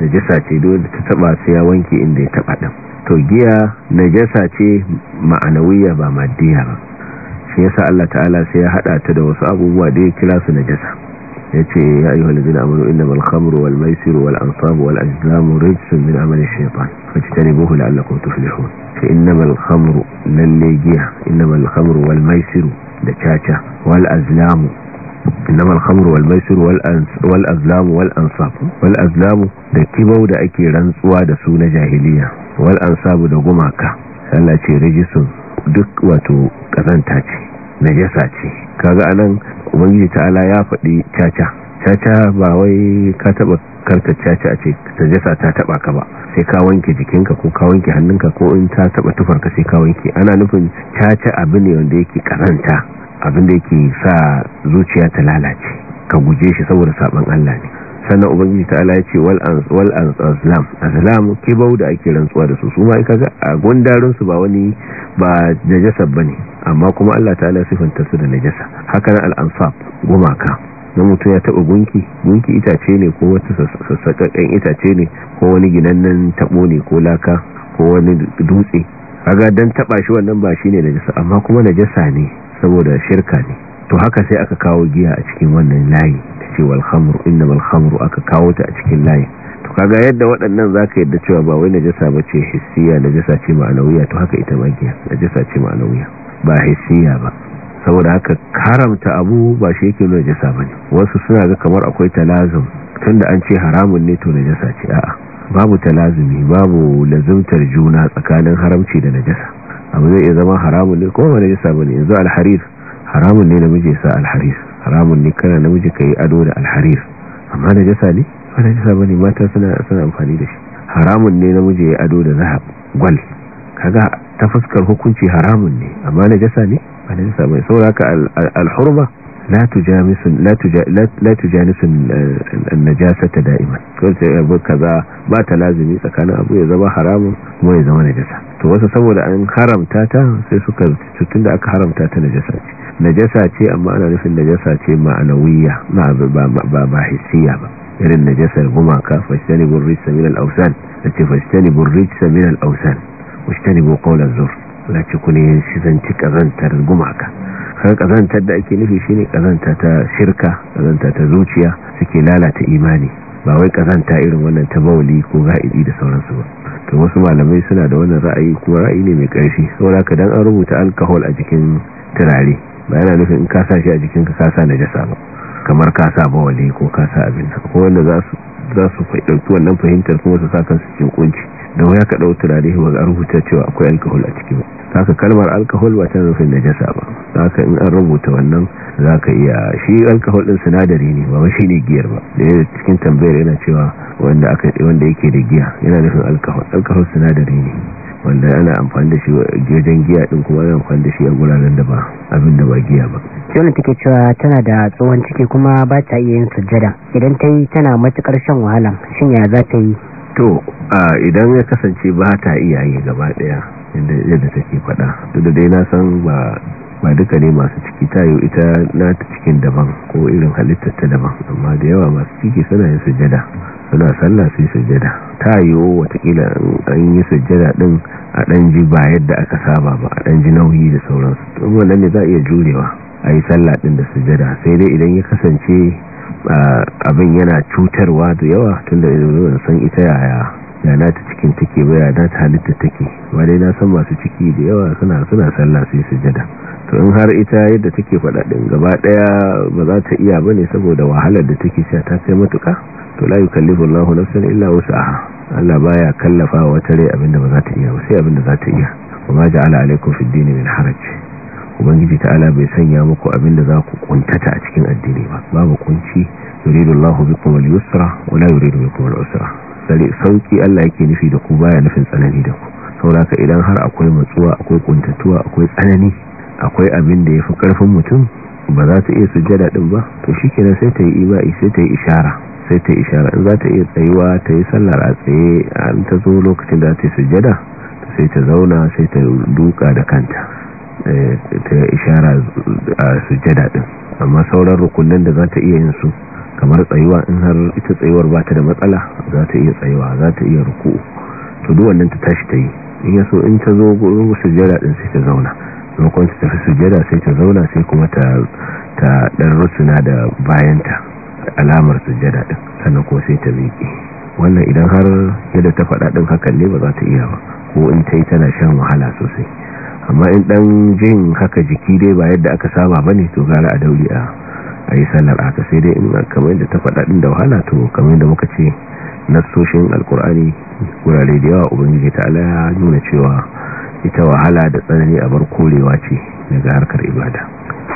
najasa ce dole ta taba sai ya wanke inda ya taba din to giya najasa ce ma'anawiya ba maddiya ba shi yasa Allah ta'ala sai ya hada ta da wasu abubuwa da ya kira su najasa yace ya ayyuhal ladina amanu innamal khamru wal maisiru wal ansabu wal azlamu rijsun min amali shaytan fajtanibuhu la'allakum tuflihun fa innamal khamru lalle giya innamal khamru wal maisiru da caca wal azlamu إنما الخمر wal والأزلام Wal-azlamu da kibau da ake rantsuwa da su na jahiliya wal ansabu da gumaka Allah ce rijisun duk wato kazanta ce najasa ce kaga anan ubangiji ta'ala ya faɗi caca caca ba wai ka taba karka caca a ce najasa ta taba ka ba sai ka wanke jikinka ko ka wanke hannunka ko in ta taba tufarka sai ka wanke ana nufin caca abu ne wanda yake kazanta abin da yake sa zuciya ta lalace ka guje shi saboda sabon Allah ne sannan ubangiji ta ala ya ce wal an azlam azlam kibau da ake rantsuwa da su su ma ga a gundarinsu ba wani ba najasa bane amma kuma Allah ta ala sifanta su da najasa haka nan al ansab gumaka na mutu ya taɓa gunki gunki itace ne ko wata sassakakken itace ne ko wani ginannan taɓo ne ko laka ko wani dutse kaga dan taɓa shi wannan ba shine najasa amma kuma najasa ne saboda shirka ne to haka sai aka kawo giya a cikin wannan layi ce wal khamru innamal khamru aka kawo ta a cikin layin to kaga yadda waɗannan zaka yadda cewa ba wai najasa bace hissiya najasa ce ma'anawiya to haka ita magiya giya najasa ce ma'anawiya ba hissiya ba saboda haka haramta abu ba shi yake nuna jasa bane wasu suna ga kamar akwai talazum tunda an ce haramun ne to najasa ce a'a babu talazumi babu lazumtar juna tsakanin haramci da najasa abu zai iya zama haramun ne ko ba najasa bane yanzu alharir haramun ne namiji ya sa alharir haramun ne kana namiji ka yi ado da alharir amma na jasa ne wadda jasa ba ne mata suna amfani da shi haramun ne namiji ya yi ado da zahab gwal kaga ta fuskar hukunci haramun ne amma na jasa ne wadda jasa ba ne sauraka alhurma لا تجامس لا تجا لا, لا تجانس النجاسة دائما kace abu kaza ba ta lazimi tsakanin abu ya zama haramun kuma ya zama najasa to wasu saboda an haramta ta sai suka tutun da aka haramta ta najasa ce najasa ce amma ana nufin najasa ce ma'anawiyya ba ba ba ba hissiya ba irin najasar gumaka fashtani burrit samin al-awsan ce fashtani burrit samin al-awsan washtani bu qawla zur la ci kune shi zanci kazantar gumaka har kazantar da ake nufi shine kazanta ta shirka kazanta ta zuciya suke lalata imani ba wai kazanta irin wannan ta bawali ko ga'idi da sauransu ba to wasu malamai suna da wannan ra'ayi kuma ra'ayi ne mai ƙarfi saboda ka dan an rubuta alcohol a jikin turare ba yana nufin in ka sa shi a jikin ka sa najasa ba kamar ka sa bawali ko ka sa abin ko wanda za su za su wannan fahimtar kuma su sa kansu cikin kunci da waya ka ɗau turare ba ga rubuta cewa akwai alcohol a ciki ba haka kalmar alcohol ba ta nufin najasa ba haka in an rubuta wannan za ka iya shi alkahol ɗin sinadari ne ba shi ne giyar ba da cikin tambayar yana cewa wanda yake da giya yana nufin alkahol alkahol sinadari ne wanda ana amfani da shi wajen giya din kuma ana amfani da shi a guraren da ba abin da ba giya ba jona take cewa tana da tsohon ciki kuma ba ta iya yin sujjada idan ta yi tana matukar shan wahala shin ya za ta yi to idan ya kasance ba ta iya yi gaba daya yadda take faɗa duk da dai na san ba ba duka ne masu ciki ta yi ita na ta cikin daban ko irin halittar ta daban amma da yawa masu ciki suna yin sujada suna sallah sai sujada ta yi wa watakila an yi sujada din a dan ji ba yadda aka saba ba a dan ji nauyi da sauransu tun wannan ne za a iya jurewa a yi sallah din da sujada sai dai idan ya kasance ah, abin yana cutarwa da yawa tunda da san ita yaya ya na ta cikin take ba ya ta halitta take ba dai na san masu ciki da yawa suna suna sallah sai sujada to in har ita yadda take faɗa din gaba ɗaya ba za ta iya bane saboda wahalar da take sha ta sai matuka to la yukallifu Allahu nafsan illa wus'aha Allah baya kallafa wata rai abinda ba za ta iya ba sai abinda za ta iya kuma ja'ala alaikum fid dini min haraj ubangiji ta'ala bai sanya muku abinda za ku kuntata a cikin addini ba babu kunci yuridu Allahu bikum al-yusra wa la yuridu bikum al-usra tsare sauki Allah yake nufi da ku baya nufin tsanani da ku sauraka idan har akwai matsuwa akwai kuntatuwa akwai tsanani akwai abin da yafi karfin mutum ba za ta iya sujjada din ba to shikenan sai ta yi ibai sai ta yi ishara sai ta yi ishara in za ta iya tsayuwa ta yi sallar a tsaye an ta zo lokacin da ta yi sujjada sai ta zauna sai ta duka da kanta eh, ta ishara a sujjada din amma sauran rukunin da za ta iya yin su kamar tsayuwa in har ita tsayuwar ba ta da matsala za ta iya tsayuwa za ta iya ruku to duk wannan ta tashi ta yi in yaso in ta zo gurin sujjada din sai ta zauna maimakon ta tafi sujjada sai ta zauna sai kuma ta ta dan rusuna da bayanta alamar sujjada din sannan ko sai ta miƙe wannan idan har yadda ta faɗa ɗin hakan ne ba za ta iya ba ko in ta yi tana shan wahala sosai amma in ɗan jin haka jiki dai ba yadda aka saba ba ne to gara a dauri a a yi sallar aka sai dai in kamar da ta faɗa ɗin da wahala to kamar da muka ce nassoshin alkur'ani wurare da yawa ubangiji ta ala ya nuna cewa ita wahala da tsanani a bar korewa ce daga harkar ibada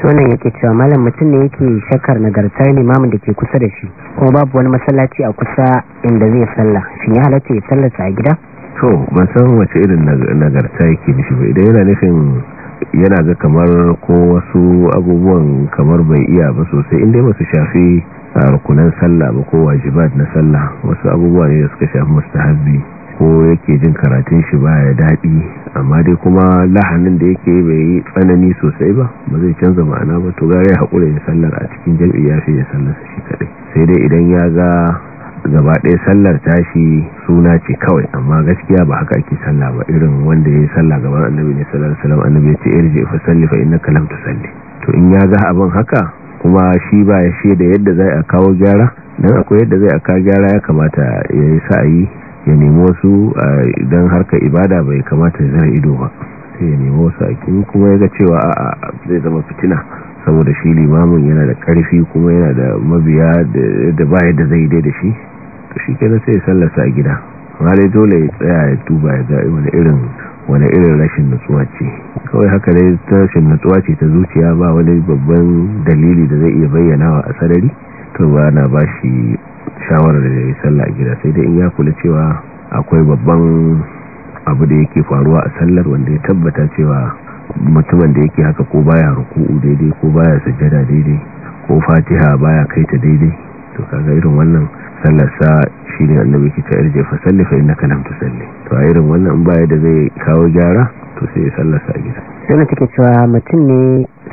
sunan yake cewa malam mutum ne yake shakar nagarta limamin da ke kusa da shi kuma babu wani masallaci a kusa inda zai salla shi ya halatta ya sallata a gida to ban san wace irin nagarta yake shi ba idan yana nufin yana ga kamar ko wasu abubuwan kamar bai iya ba sosai inda ya su shafi a rukunan sallah ba ko wajibat na sallah wasu abubuwa ne da suka shafi mustahabbi ko yake jin karatun shi baya daɗi amma dai kuma lahanin da yake bai yi tsanani sosai ba ba zai canza ma'ana ba to gare haƙura ya sallar a cikin jam'i ya fi ya sallar shi kaɗai sai dai idan ya ga gaba ɗaya sallar tashi suna ce kawai amma gaskiya ba haka ake sallah ba irin wanda ya yi sallah gaban annabi ne sallar salam annabi ya ce irji fa salli fa kalam ta salli to in ya ga abin haka kuma shi ba ya shi da yadda zai a kawo gyara dan akwai yadda zai a kawo gyara ya kamata ya yi sa'ayi ya nemo su idan harka ibada bai kamata ya zara ido ba sai ya nemo su a kuma ya ga cewa a'a zai zama fitina saboda shi limamin yana da karfi kuma yana da mabiya da ba yadda zai dai da shi shi na sai sallasa a gida wane dole ya tsaya ya duba ya ga wani irin wani irin rashin nutsuwa ce kawai haka dai rashin nutsuwa ce ta zuciya ba wani babban dalili da zai iya bayyana wa a sarari to ba na ba shi shawarar da ya sallah a gida sai dai in ya kula cewa akwai babban abu da yake faruwa a sallar wanda ya tabbata cewa mutumin da yake haka ko baya ruku'u daidai ko baya sajjada daidai ko fatiha baya kai ta daidai to kaga irin wannan sallasa shi ne annabi ke ta irje fa salli fa innaka lam tusalli to a irin wannan baya da zai kawo gyara to sai ya sallarsa gida sai na take cewa mutum ne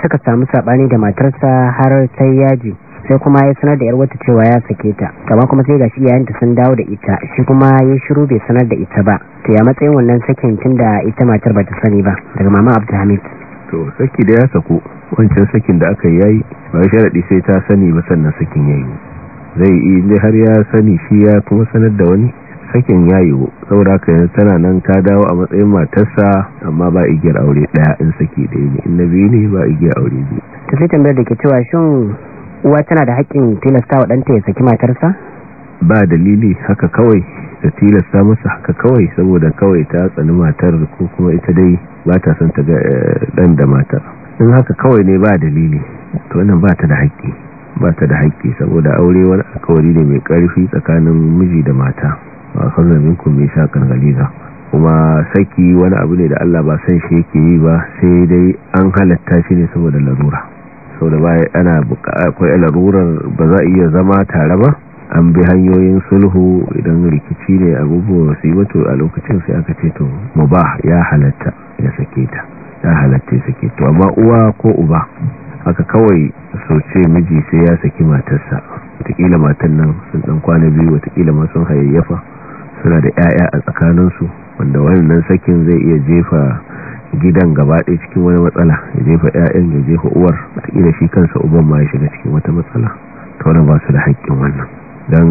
suka samu sabani da matarsa har ta yaji sai kuma ya sanar da yar wata cewa ya sake ta kamar kuma sai gashi iyayenta sun dawo da ita shi kuma ya shiru bai sanar da ita ba to ya matsayin wannan sakin da ita matar bata sani ba daga mama Abdulhamid to saki da ya sako wancan sakin da aka yi yayi ba sharadi sai ta sani ba sannan sakin yayi zai yi har ya sani shi ya kuma sanar da wani sakin ya yiwu saboda ka yanzu tana nan ka dawo a matsayin matarsa amma ba igiyar aure daya in saki da ne na biyu ne ba igiyar aure biyu ta sai tambayar da ke cewa shin uwa tana da haƙƙin tilasta wa ɗanta ya saki matarsa ba dalili haka kawai da tilasta masa haka kawai saboda kawai ta tsani matar ko kuma ita dai ba ta son ta ga eh, ɗan da matar in haka kawai ne ba dalili to wannan ba ta da haƙƙi ba ta da haƙƙi saboda aure wani alkawari ne mai ƙarfi tsakanin miji da mata ba san zamin kun mai sha galiza kuma saki wani abu ne da Allah ba san shi yake yi ba sai dai an halatta shi ne saboda larura saboda ba ana akwai larurar ba za a iya zama tare ba an bi hanyoyin sulhu idan rikici ne abubuwa su yi wato a lokacin sai aka ce to ba ya halatta ya sake ta ya amma uwa ko uba aka kawai sauce miji sai ya saki matarsa watakila matan nan sun dan kwana biyu watakila masu hayayyafa suna da 'ya'ya a tsakaninsu wanda wannan sakin zai iya jefa gidan gabaɗaya cikin wani matsala ya jefa 'ya'yan ya jefa uwar watakila shi kansa uban ma ya shiga cikin wata matsala ta wani ba su da haƙƙin wannan don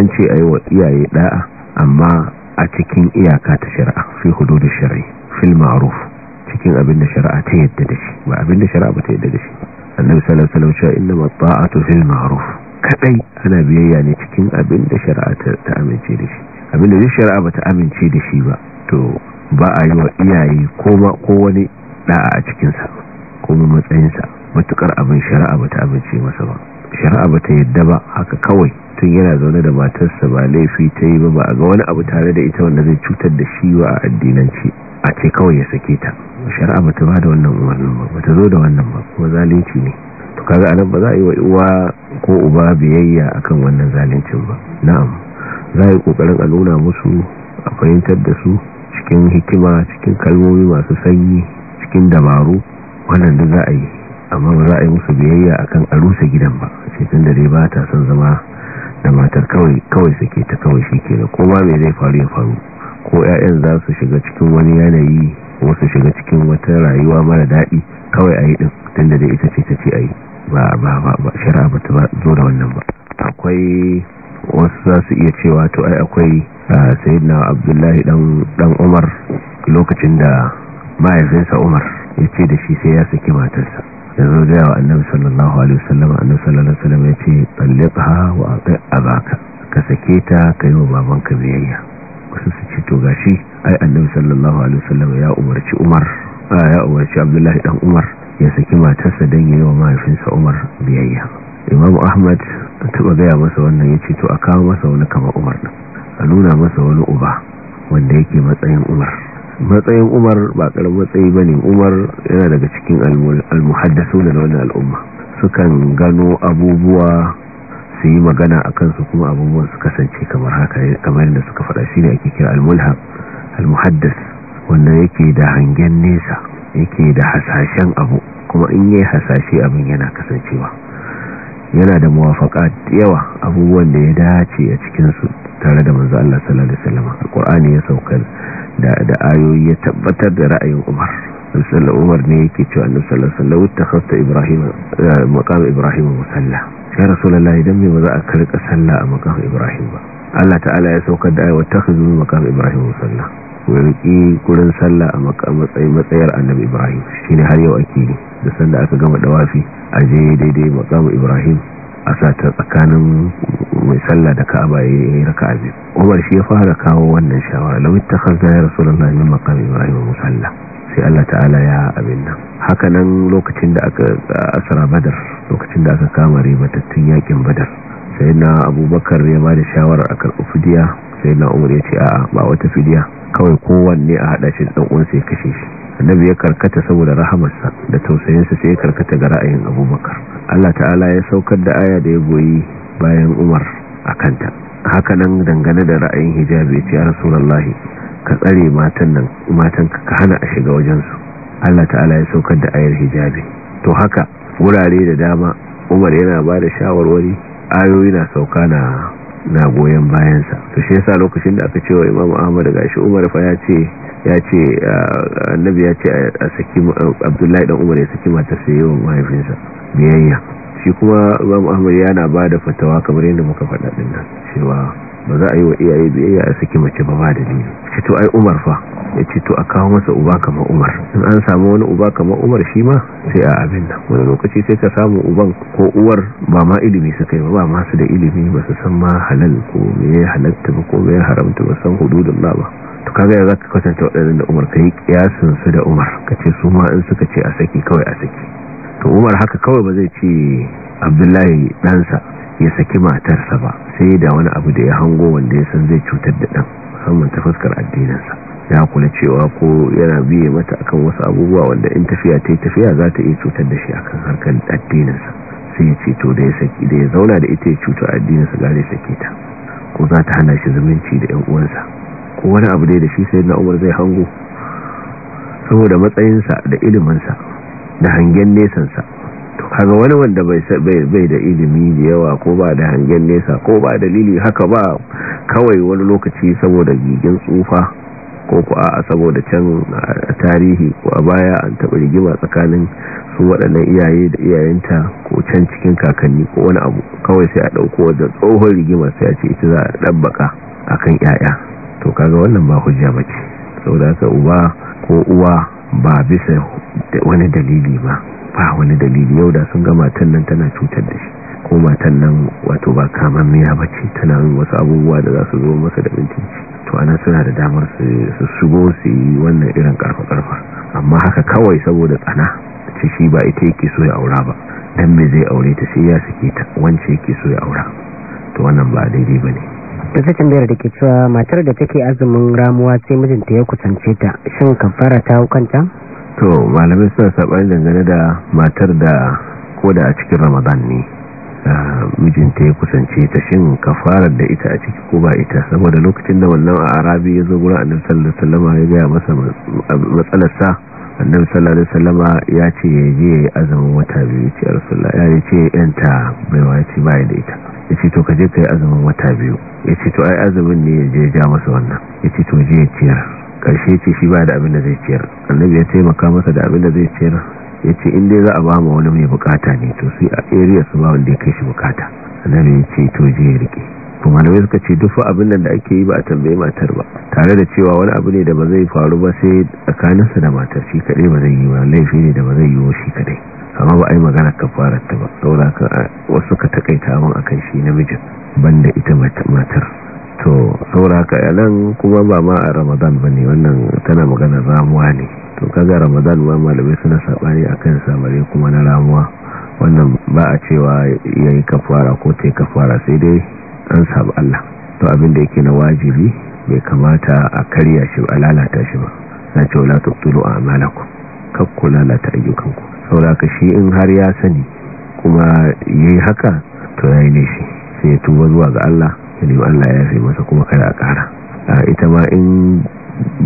an ce a yi wa iyaye ɗa'a amma a cikin iyaka ta shari'a fi hudu da shari'a fil cikin abin da shari'a ta yadda da shi ba abin da shari'a ba ta yadda da shi annabi sallallahu alaihi wasallam cewa inna mata'atu fil ma'ruf kadai ana biyayya ne cikin abin da shari'a ta amince da shi abin da shari'a ba ta amince da shi ba to ba a yi wa iyaye ko ma ko wani da'a a cikin sa ko matsayin sa matukar abin shari'a ba ta amince masa ba shari'a ba ta yadda ba haka kawai tun yana zaune da matarsa ba laifi ta yi ba ba a ga wani abu tare da ita wanda zai cutar da shi wa a addinanci a ce kawai ya sake ta shari'a ba ta ba da wannan umarnin ba ba ta zo da wannan ba ko zalunci ne to kaga anan ba za a yi wa uwa ko uba biyayya akan wannan zaluncin ba na'am za a yi kokarin a nuna musu a fahimtar da su cikin hikima cikin kalmomi masu sanyi cikin dabaru wannan da za a yi amma ba za a yi musu biyayya akan a rusa gidan ba ce tun da dai ba ta son zama da matar kawai kawai ta kawai shi ke da koma mai zai faru ya faru ko 'ya'yan za su shiga cikin wani yanayi wasu shiga cikin wata rayuwa mara daɗi kawai a yi ɗin tun da ita ce ta ce a yi ba ba ba shari'a ba ta zo da wannan ba akwai wasu za su iya cewa to ai akwai na abdullahi ɗan umar lokacin da mahaifinsa umar ya ce da shi sai ya saki matarsa ya zo da yawa annabi sallallahu alaihi wasallam annabi sallallahu alaihi wasallam ya ce balliqha wa ati abaka ka sake ta kai wa babanka biyayya kusa su ce to gashi ai annabi sallallahu alaihi wasallam ya umarci Umar ya umarci Abdullahi dan Umar ya saki matarsa dan yi wa mahaifinsa Umar biyayya Imam Ahmad taba gaya masa wannan yace to a kawo masa wani kamar Umar din a nuna masa wani uba wanda yake matsayin Umar matsayin Umar ba karamin matsayi bane Umar yana daga cikin al-muhaddathuna na wannan al'umma sukan gano abubuwa su yi magana a kansu kuma abubuwan su kasance kamar haka kamar da suka faɗa shi ne ake kira al al-muhaddas wanda yake da hangen nesa yake da hasashen abu kuma in yi hasashe abin yana kasancewa yana da muwafaka yawa abubuwan da ya dace a cikinsu tare da manzo Allah sallallahu alaihi wasallam alqur'ani ya saukar da da ayoyi ya tabbatar da ra'ayin Umar sallar umar ne yake cewa annabi sallallahu alaihi wasallam takhasta ibrahim eh, maqam ibrahim musalla ya rasulullahi dan me ba za a karka sallah a maqam ibrahim ba Allah ta'ala ya saukar da ayat takhuzu maqam ibrahim musalla ku riki kurin sallah a matsayar annabi ibrahim shine har yau ake yi da sanda aka gama ɗawafi a je daidai maqam ibrahim a sa tsakanin mai sallah da ka'aba ya yi raka abin umar shi ya fara kawo wannan shawarar. lawit ta khazza ya rasulullah min maqam ibrahim musalla sai Allah ta'ala ya abin nan hakanan lokacin da aka asara badar lokacin da aka kama ribatattun yakin badar sai na abubakar ya ba da shawarar a karɓi fidiya sai na umar ya ce a'a ba wata fidiya kawai kowanne a haɗa shi ɗan uwansa ya kashe shi annabi ya karkata saboda rahamarsa da tausayinsa sai ya karkata ga ra'ayin abubakar allah ta'ala ya saukar da aya da ya goyi bayan umar a kanta haka nan dangane da ra'ayin hijabi ya ce ya rasulallah ka tsare matan nan matan ka hana a shiga wajensu Allah ta'ala ya saukar da ayar hijabi to haka wurare da dama Umar yana ba da shawarwari ayoyi na sauka na na goyen bayansa to shi yasa lokacin da aka ce wa Imam Ahmad gashi Umar fa ya ce ya ce uh, annabi ya ce a saki uh, Abdullahi dan Umar ya saki mata sai yawan mahaifinsa biyayya shi kuma Imam Ahmad yana ba da fatawa kamar yadda muka faɗa din nan cewa ba za a yi wa iyaye biyayya a saki mace ba ba dalili ce to ai umar fa ya ce to a kawo masa uba kamar umar in an samu wani uba kamar umar shi ma sai a abin da wani lokaci sai ka samu uban ko uwar ba ma ilimi su kai ba ba masu da ilimi ba su san ma halal ko me ya halatta ba ko me ya haramta ba san la ba to kaga ya zaka kwatanta waɗannan da umar kai kiyasin su da umar kace su ma in suka ce a saki kawai a saki to umar haka kawai ba zai ce abdullahi ɗansa ya saki matarsa ba sai da wani abu da ya hango wanda ya san zai cutar da ɗan musamman ta fuskar addininsa ya kula cewa ko yana biye mata akan wasu abubuwa wanda in tafiya ta yi tafiya za ta iya cutar da shi akan harkar addininsa sai ya ce da ya saki da ya zauna da ita ya cutar addininsa gare ya sake ta ko za ta hana shi zumunci da 'yan uwansa ko wani abu dai da shi sai na umar zai hango saboda matsayinsa da iliminsa da hangen nesansa to kaga wani wanda bai bai da ilimi da yawa ko ba da hangen nesa ko ba dalili haka ba kawai wani lokaci saboda gigin tsufa ko ku a saboda can tarihi ko a baya an taɓa rigima tsakanin su waɗannan iyaye da iyayenta ko can cikin kakanni ko wani abu kawai sai a ɗauko wajen tsohon rigima sai a ce ita za a ɗabbaka a kan ‘ya'ya to kaga wannan ba hujja ba ce da haka uba ko uwa ba bisa wani dalili ba ba wani dalili yau da sun ga matan nan tana cutar da shi ko matan nan wato ba kamar miya ba ce tana yin wasu abubuwa da za su zo masa da bincinci to ana suna da damar su shigo su yi wannan irin karfa-karfa amma haka kawai saboda tsana ce shi ba ita yake so ya aura ba dan me zai aure ta sai ya suke ta wance yake so ya aura to wannan ba daidai ne. da ta tambayar da ke cewa matar da take azumin ramuwa sai mijinta ya kusance ta shin kafara ta hukanta to malamai suna saɓani dangane da matar da ko da a cikin ramadan ne mijinta ya kusance ta shin ka fara da ita a ciki ko ba ita saboda lokacin da wannan a arabi ya zo gura annabi sallallahu alaihi wasallam ya gaya masa matsalarsa annabi sallallahu alaihi wasallam ya ce ya je azumin wata biyu ce rasulullah ya ce yanta baiwa ya ce bai da ita ya ce to ka je ka yi azumin wata biyu ya ce to ai azumin ne ya je ya ja masa wannan ya ce to je ya ciyar karshe ce shi ba da abin da zai ciyar annabi ya taimaka masa da abin da zai ciyar ya ce in za a ba wani mai bukata ne to sai a area su ba wanda ya kai shi bukata annabi ya ce to je ya rike kuma malamai suka ce duk abin da ake yi ba a tambaye matar ba tare da cewa wani abu ne da ba zai faru ba sai tsakaninsa da matar shi kadai ba zai yi ba laifi ne da ba zai yi wa shi kadai amma ba a yi ka fara ta ba saboda wasu ka takaita mun akan shi namijin banda ita matar to saboda haka nan kuma ba ma a ramadan ba ne wannan tana magana ramuwa ne to kaga ramadan ma malamai suna saɓani a kan samari kuma na ramuwa wannan ba a cewa ya yi kafara ko ta yi kafara sai dai an sabu allah to abin da yake na wajibi bai kamata a karya shi a lalata shi ba na ce wala tuktulu a amalaku ku lalata ayyukanku Sauraka shi in har ya sani kuma ya yi haka to ya yi ne shi sai ya tuba zuwa ga allah ya nemi Allah ya yafe masa kuma kada a ƙara ita ma in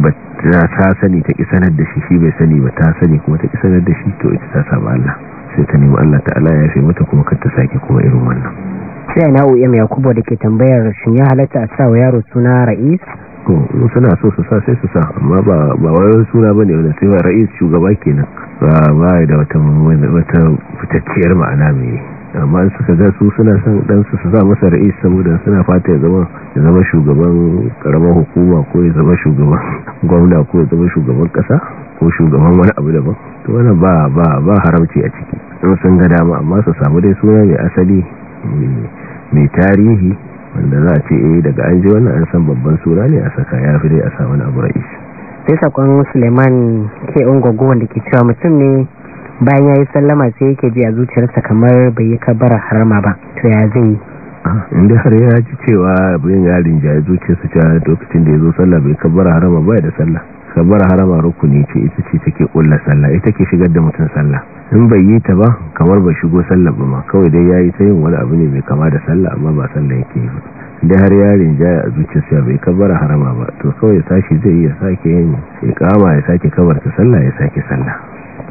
ba ta sani ta sanar da shi shi bai sani ba ta sani kuma ta sanar da shi to ita ta saba Allah sai ta nemi Allah ta'ala ya yafe mata kuma kar ta sake kuma irin wannan sai na OM Yakubu da ke tambayar shin ya halatta a sa wa yaro suna Ra'is to suna so su sa sai su sa amma ba ba wai suna bane wanda sai wa Ra'is shugaba kenan ba ba da wata wata fitacciyar ma'ana mai amma suka ga su suna son ɗansu su za masa ra'is saboda suna fata ya zama ya zama shugaban karamar hukuma ko ya zama shugaban gwamna ko ya zama shugaban ƙasa ko shugaban wani abu daban to wannan ba ba ba haramci a ciki in sun ga dama amma su samu dai suna mai asali mai tarihi wanda za a ce eh daga an ji wannan an san babban sura ne a saka ya fi dai a sa wani abu ra'is sai sakon suleiman ke ungogo wanda ke cewa mutum ne bayan ya yi sallama sai yake ji a zuciyarsa kamar bai yi kabarar harama ba to ya zai yi inda har ya ji cewa abin yarin ja ya zuciyarsa a lokacin da ya zo sallah bai kabarar harama ba da sallah kabar harama rukuni ce ita ce take kulla sallah ita ke shigar da mutum sallah in bai yi ta ba kamar bai shigo sallah ba ma kawai dai ya yi ta yin wani abu ne mai kama da sallah amma ba sallah yake yi ba da har yarin jaya a zuciyarsa bai kabara harama ba to kawai ya tashi zai iya sake yin ikama ya sake kabarta sallah ya sake sallah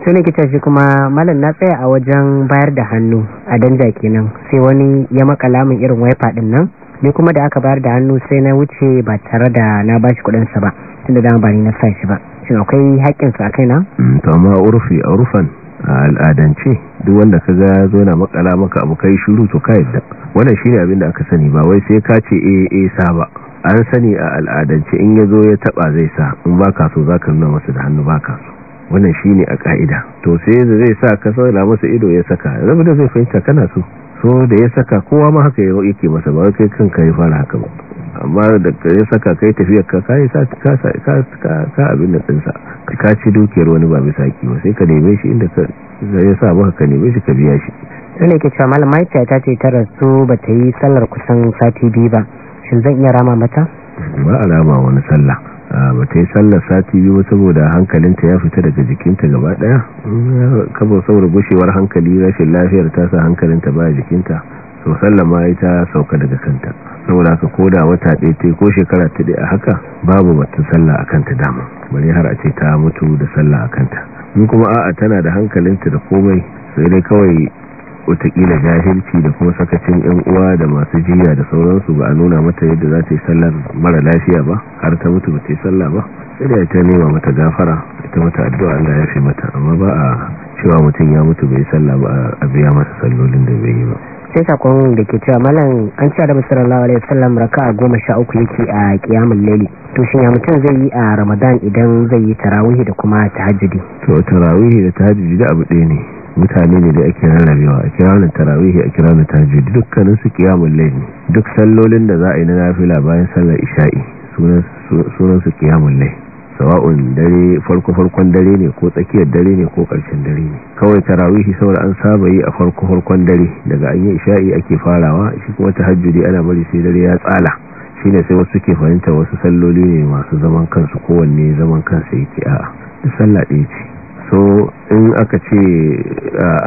su ne kita shi kuma malam na tsaya a wajen bayar da hannu a danja kenan sai wani ya makala min irin waifa din nan ne kuma da aka bayar da hannu sai na wuce ba tare da na ba shi kudinsa ba tun da ba ni na sa shi ba shin akwai haƙƙin sa kai mm, to amma urfi urfan a al'adance duk wanda ka ga zo na makala maka abu kai shiru to ka yadda wannan shine abin da aka sani ba wai sai ka ce eh eh sa ba an sani a al'adance in ya zo ya taɓa zai sa in ba ka so za ka nuna masa da hannu ba ka so wannan shi ne a ka'ida to sai da zai sa kasar sauna masa ido ya saka zama da zai fahimta kana so so da ya saka kowa ma haka yake masa ba kai kanka ya fara haka ba amma da ya saka kai tafiyar ka kai ka abin da tsinsa ka ci dukiyar wani ba bisa ki ba sai ka neme shi inda ka ya sa maka ka neme shi ka biya shi sai ke cewa malamai ta ta ce ta rasu ba ta yi sallar kusan sati biyu ba shin zan iya rama mata ba a wani sallah ba ta yi sallar sati biyu saboda hankalinta ya fita daga jikinta gaba daya kabo saboda gushewar hankali rashin lafiyar ta sa hankalinta ba jikinta so sallar ma ita sauka daga kanta saboda aka koda wata ɗaya ta ko shekara ta ɗaya haka babu batun sallah a kanta dama bari har a ce ta mutu da sallah a kanta in kuma a'a tana da hankalinta da komai sai dai kawai wataƙila jahilci da kuma sakacin yan uwa da masu jiya da sauransu ba a nuna mata yadda za ta yi sallar mara lafiya ba har ta mutu ba ta yi sallah ba sai da ta nema mata gafara ita mata addu'a Allah ya fi mata amma ba a cewa mutum ya mutu bai salla ba a biya masa sallolin da bai yi ba sai sakon da ke cewa malam an ci adabu sallar alaihi ka a goma sha uku yake a kiyamun layli to shin ya mutum zai yi a ramadan idan zai yi Tarawihi da kuma tahajjudi to Tarawihi da tahajjudi da abu ɗaya ne mutane ne da ake rarrabewa a kiranin tarawihi a kiranin tahajjud dukkanin su qiyamul layl duk sallolin da za a yi na nafila bayan sallar isha'i sunan su qiyamul layl sawa'un dare farko farkon dare ne ko tsakiyar dare ne ko karshen dare ne kawai tarawihi saboda an saba yi a farko farkon dare daga an yi isha'i ake farawa shi kuma tahajjudi ana bari sai dare ya tsala shine sai wasu ke fahimta wasu salloli ne masu zaman kansu kowanne zaman kansa yake a'a sallah ɗaya ce so in aka ce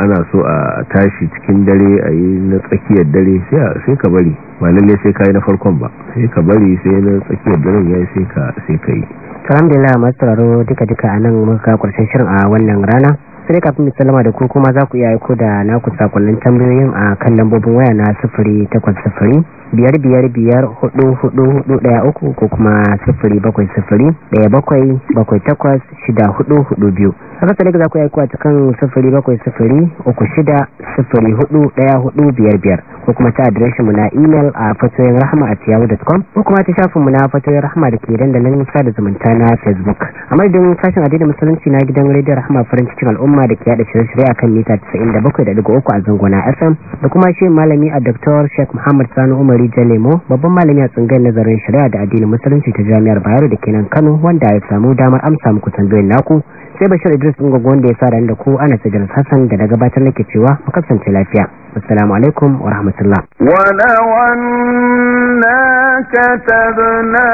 ana so a tashi cikin dare a yi na tsakiyar dare sai ka bari ba lalle sai ka yi na farkon ba sai ka bari sai na tsakiyar dare ya sai ka yi alhamdulillah masu sauraro duka-duka a nan muka karshen shirin a wannan rana sai kafin misalama da ku kuma za ku iya aiko da na naku sakonnin tambayoyin a kan lambobin waya na sufuri takwas sufuri biyar biyar biyar hudu hudu hudu daya uku ko kuma sifiri bakwai sifiri daya bakwai bakwai takwas shida hudu hudu biyu haka tare za ku yi kuwa cikin sifiri bakwai sifiri uku shida sifiri hudu daya hudu biyar biyar ko kuma ta adireshin mu na imel a fatoyin rahama a tiyawu.com ko kuma ta shafin mu na fatoyin rahama da ke da nisa da zumunta na facebook a madadin sashen adadin musulunci na gidan rediyon rahama farin cikin al'umma da ke yada shirye-shirye a kan mita 97.3 a zangona fm da kuma shi malami a dr sheikh muhammad sani umar Lawali Jalemo babban malami a tsungayen nazarin shari'a da addinin musulunci ta Jami'ar Bayero da kenan Kano wanda ya samu damar amsa muku tambayoyin naku sai Bashir Idris Ngogo wanda ya fara da ku ana sajin Hassan da na gabatar nake cewa mu kasance lafiya assalamu alaikum wa rahmatullah wa lawanna katabna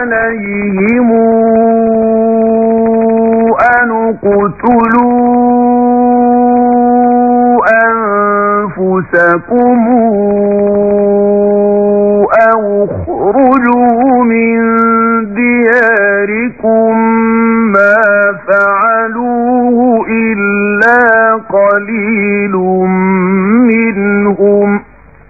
alaihim an qutulu أنفسكم أو اخرجوا من دياركم ما فعلوه إلا قليل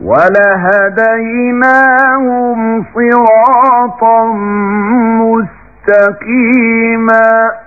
وَلَهَدَيْنَاهُمْ صِرَاطًا مُسْتَقِيمًا